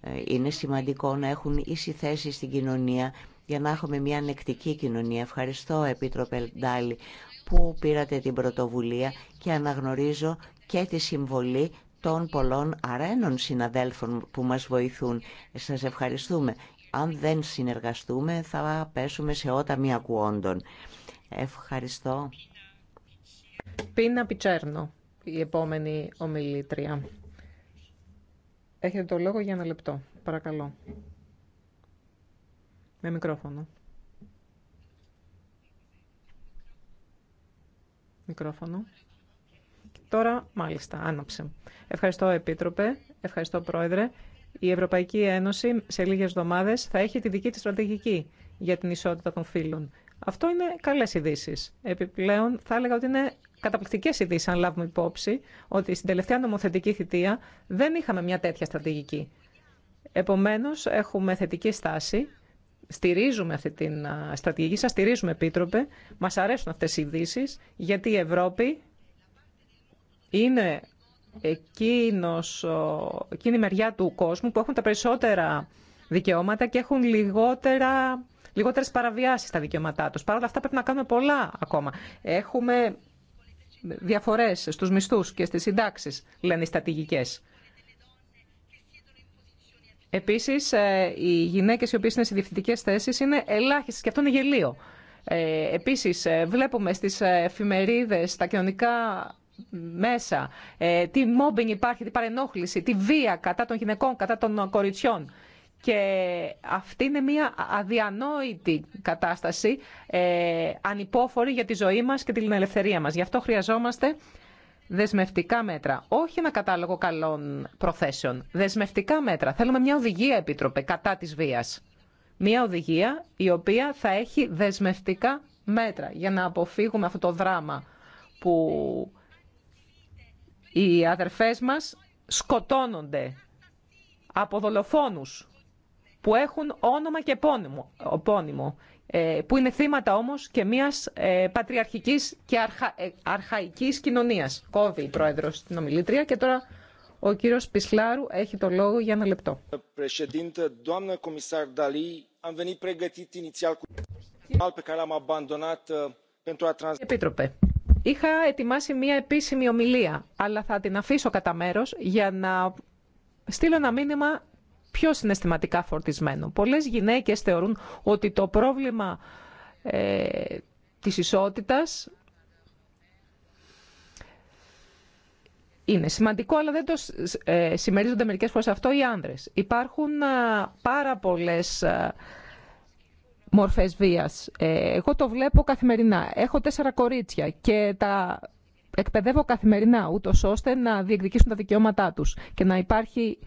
Ε, είναι σημαντικό να έχουν ίση θέση στην κοινωνία για να έχουμε μια ανεκτική κοινωνία. Ευχαριστώ, Επίτροπε Ντάλη, που πήρατε την πρωτοβουλία και αναγνωρίζω και τη συμβολή των πολλών αρένων συναδέλφων που μας βοηθούν. Σας ευχαριστούμε. Αν δεν συνεργαστούμε θα πέσουμε σε ότα μη ακουόντων. Ευχαριστώ. Πίνα Πιτσέρνο, η επόμενη ομιλήτρια. Έχετε το λόγο για ένα λεπτό, παρακαλώ. Με μικρόφωνο. Μικρόφωνο. Τώρα, μάλιστα, άναψε. Ευχαριστώ, Επίτροπε. Ευχαριστώ, Πρόεδρε. Η Ευρωπαϊκή Ένωση σε λίγες εβδομάδες θα έχει τη δική της στρατηγική για την ισότητα των φύλων. Αυτό είναι καλές ειδήσει. Επιπλέον, θα έλεγα ότι είναι καταπληκτικέ ειδήσει αν λάβουμε υπόψη ότι στην τελευταία νομοθετική θητεία δεν είχαμε μια τέτοια στρατηγική. Επομένω, έχουμε θετική στάση στηρίζουμε αυτή την στρατηγική, σα, στηρίζουμε επίτροπε, μα αρέσουν αυτέ οι ειδήσει, γιατί η Ευρώπη είναι εκείνη η μεριά του κόσμου που έχουν τα περισσότερα δικαιώματα και έχουν λιγότερα, λιγότερες παραβιάσεις στα δικαιώματά τους. Παρ' όλα αυτά πρέπει να κάνουμε πολλά ακόμα. Έχουμε διαφορές στους μισθούς και στις συντάξεις, λένε οι στατηγικές. Επίσης, ε, οι γυναίκες οι οποίες είναι σε διευθυντικές θέσεις είναι ελάχιστες και αυτό είναι γελίο. Ε, επίσης, ε, βλέπουμε στις εφημερίδες, στα κοινωνικά μέσα, ε, τι μόμπινγκ υπάρχει, τι παρενόχληση, τι βία κατά των γυναικών, κατά των κοριτσιών. Και αυτή είναι μια αδιανόητη κατάσταση, ε, ανυπόφορη για τη ζωή μας και την ελευθερία μας. Γι' αυτό χρειαζόμαστε δεσμευτικά μέτρα, όχι ένα κατάλογο καλών προθέσεων. Δεσμευτικά μέτρα. Θέλουμε μια οδηγία, Επίτροπε, κατά της βίας. Μια οδηγία η οποία θα έχει δεσμευτικά μέτρα για να αποφύγουμε αυτό το δράμα που οι αδερφές μας σκοτώνονται από δολοφόνους που έχουν όνομα και πόνιμο, ε, που είναι θύματα όμως και μιας ε, πατριαρχικής και αρχα, ε, αρχαϊκής κοινωνίας. Κόβει η πρόεδρος στην ομιλήτρια και τώρα ο κύριος Πισλάρου έχει το λόγο για ένα λεπτό. Επίτροπε, Είχα ετοιμάσει μία επίσημη ομιλία, αλλά θα την αφήσω κατά μέρο για να στείλω ένα μήνυμα πιο συναισθηματικά φορτισμένο. Πολλές γυναίκες θεωρούν ότι το πρόβλημα ε, της ισότητας είναι σημαντικό, αλλά δεν το ε, συμμερίζονται μερικές φορές αυτό οι άνδρες. Υπάρχουν ε, πάρα πολλές... Ε, μορφές βίας. Ε, εγώ το βλέπω καθημερινά. Έχω τέσσερα κορίτσια και τα εκπαιδεύω καθημερινά, ούτω ώστε να διεκδικήσουν τα δικαιώματά τους και να υπάρχει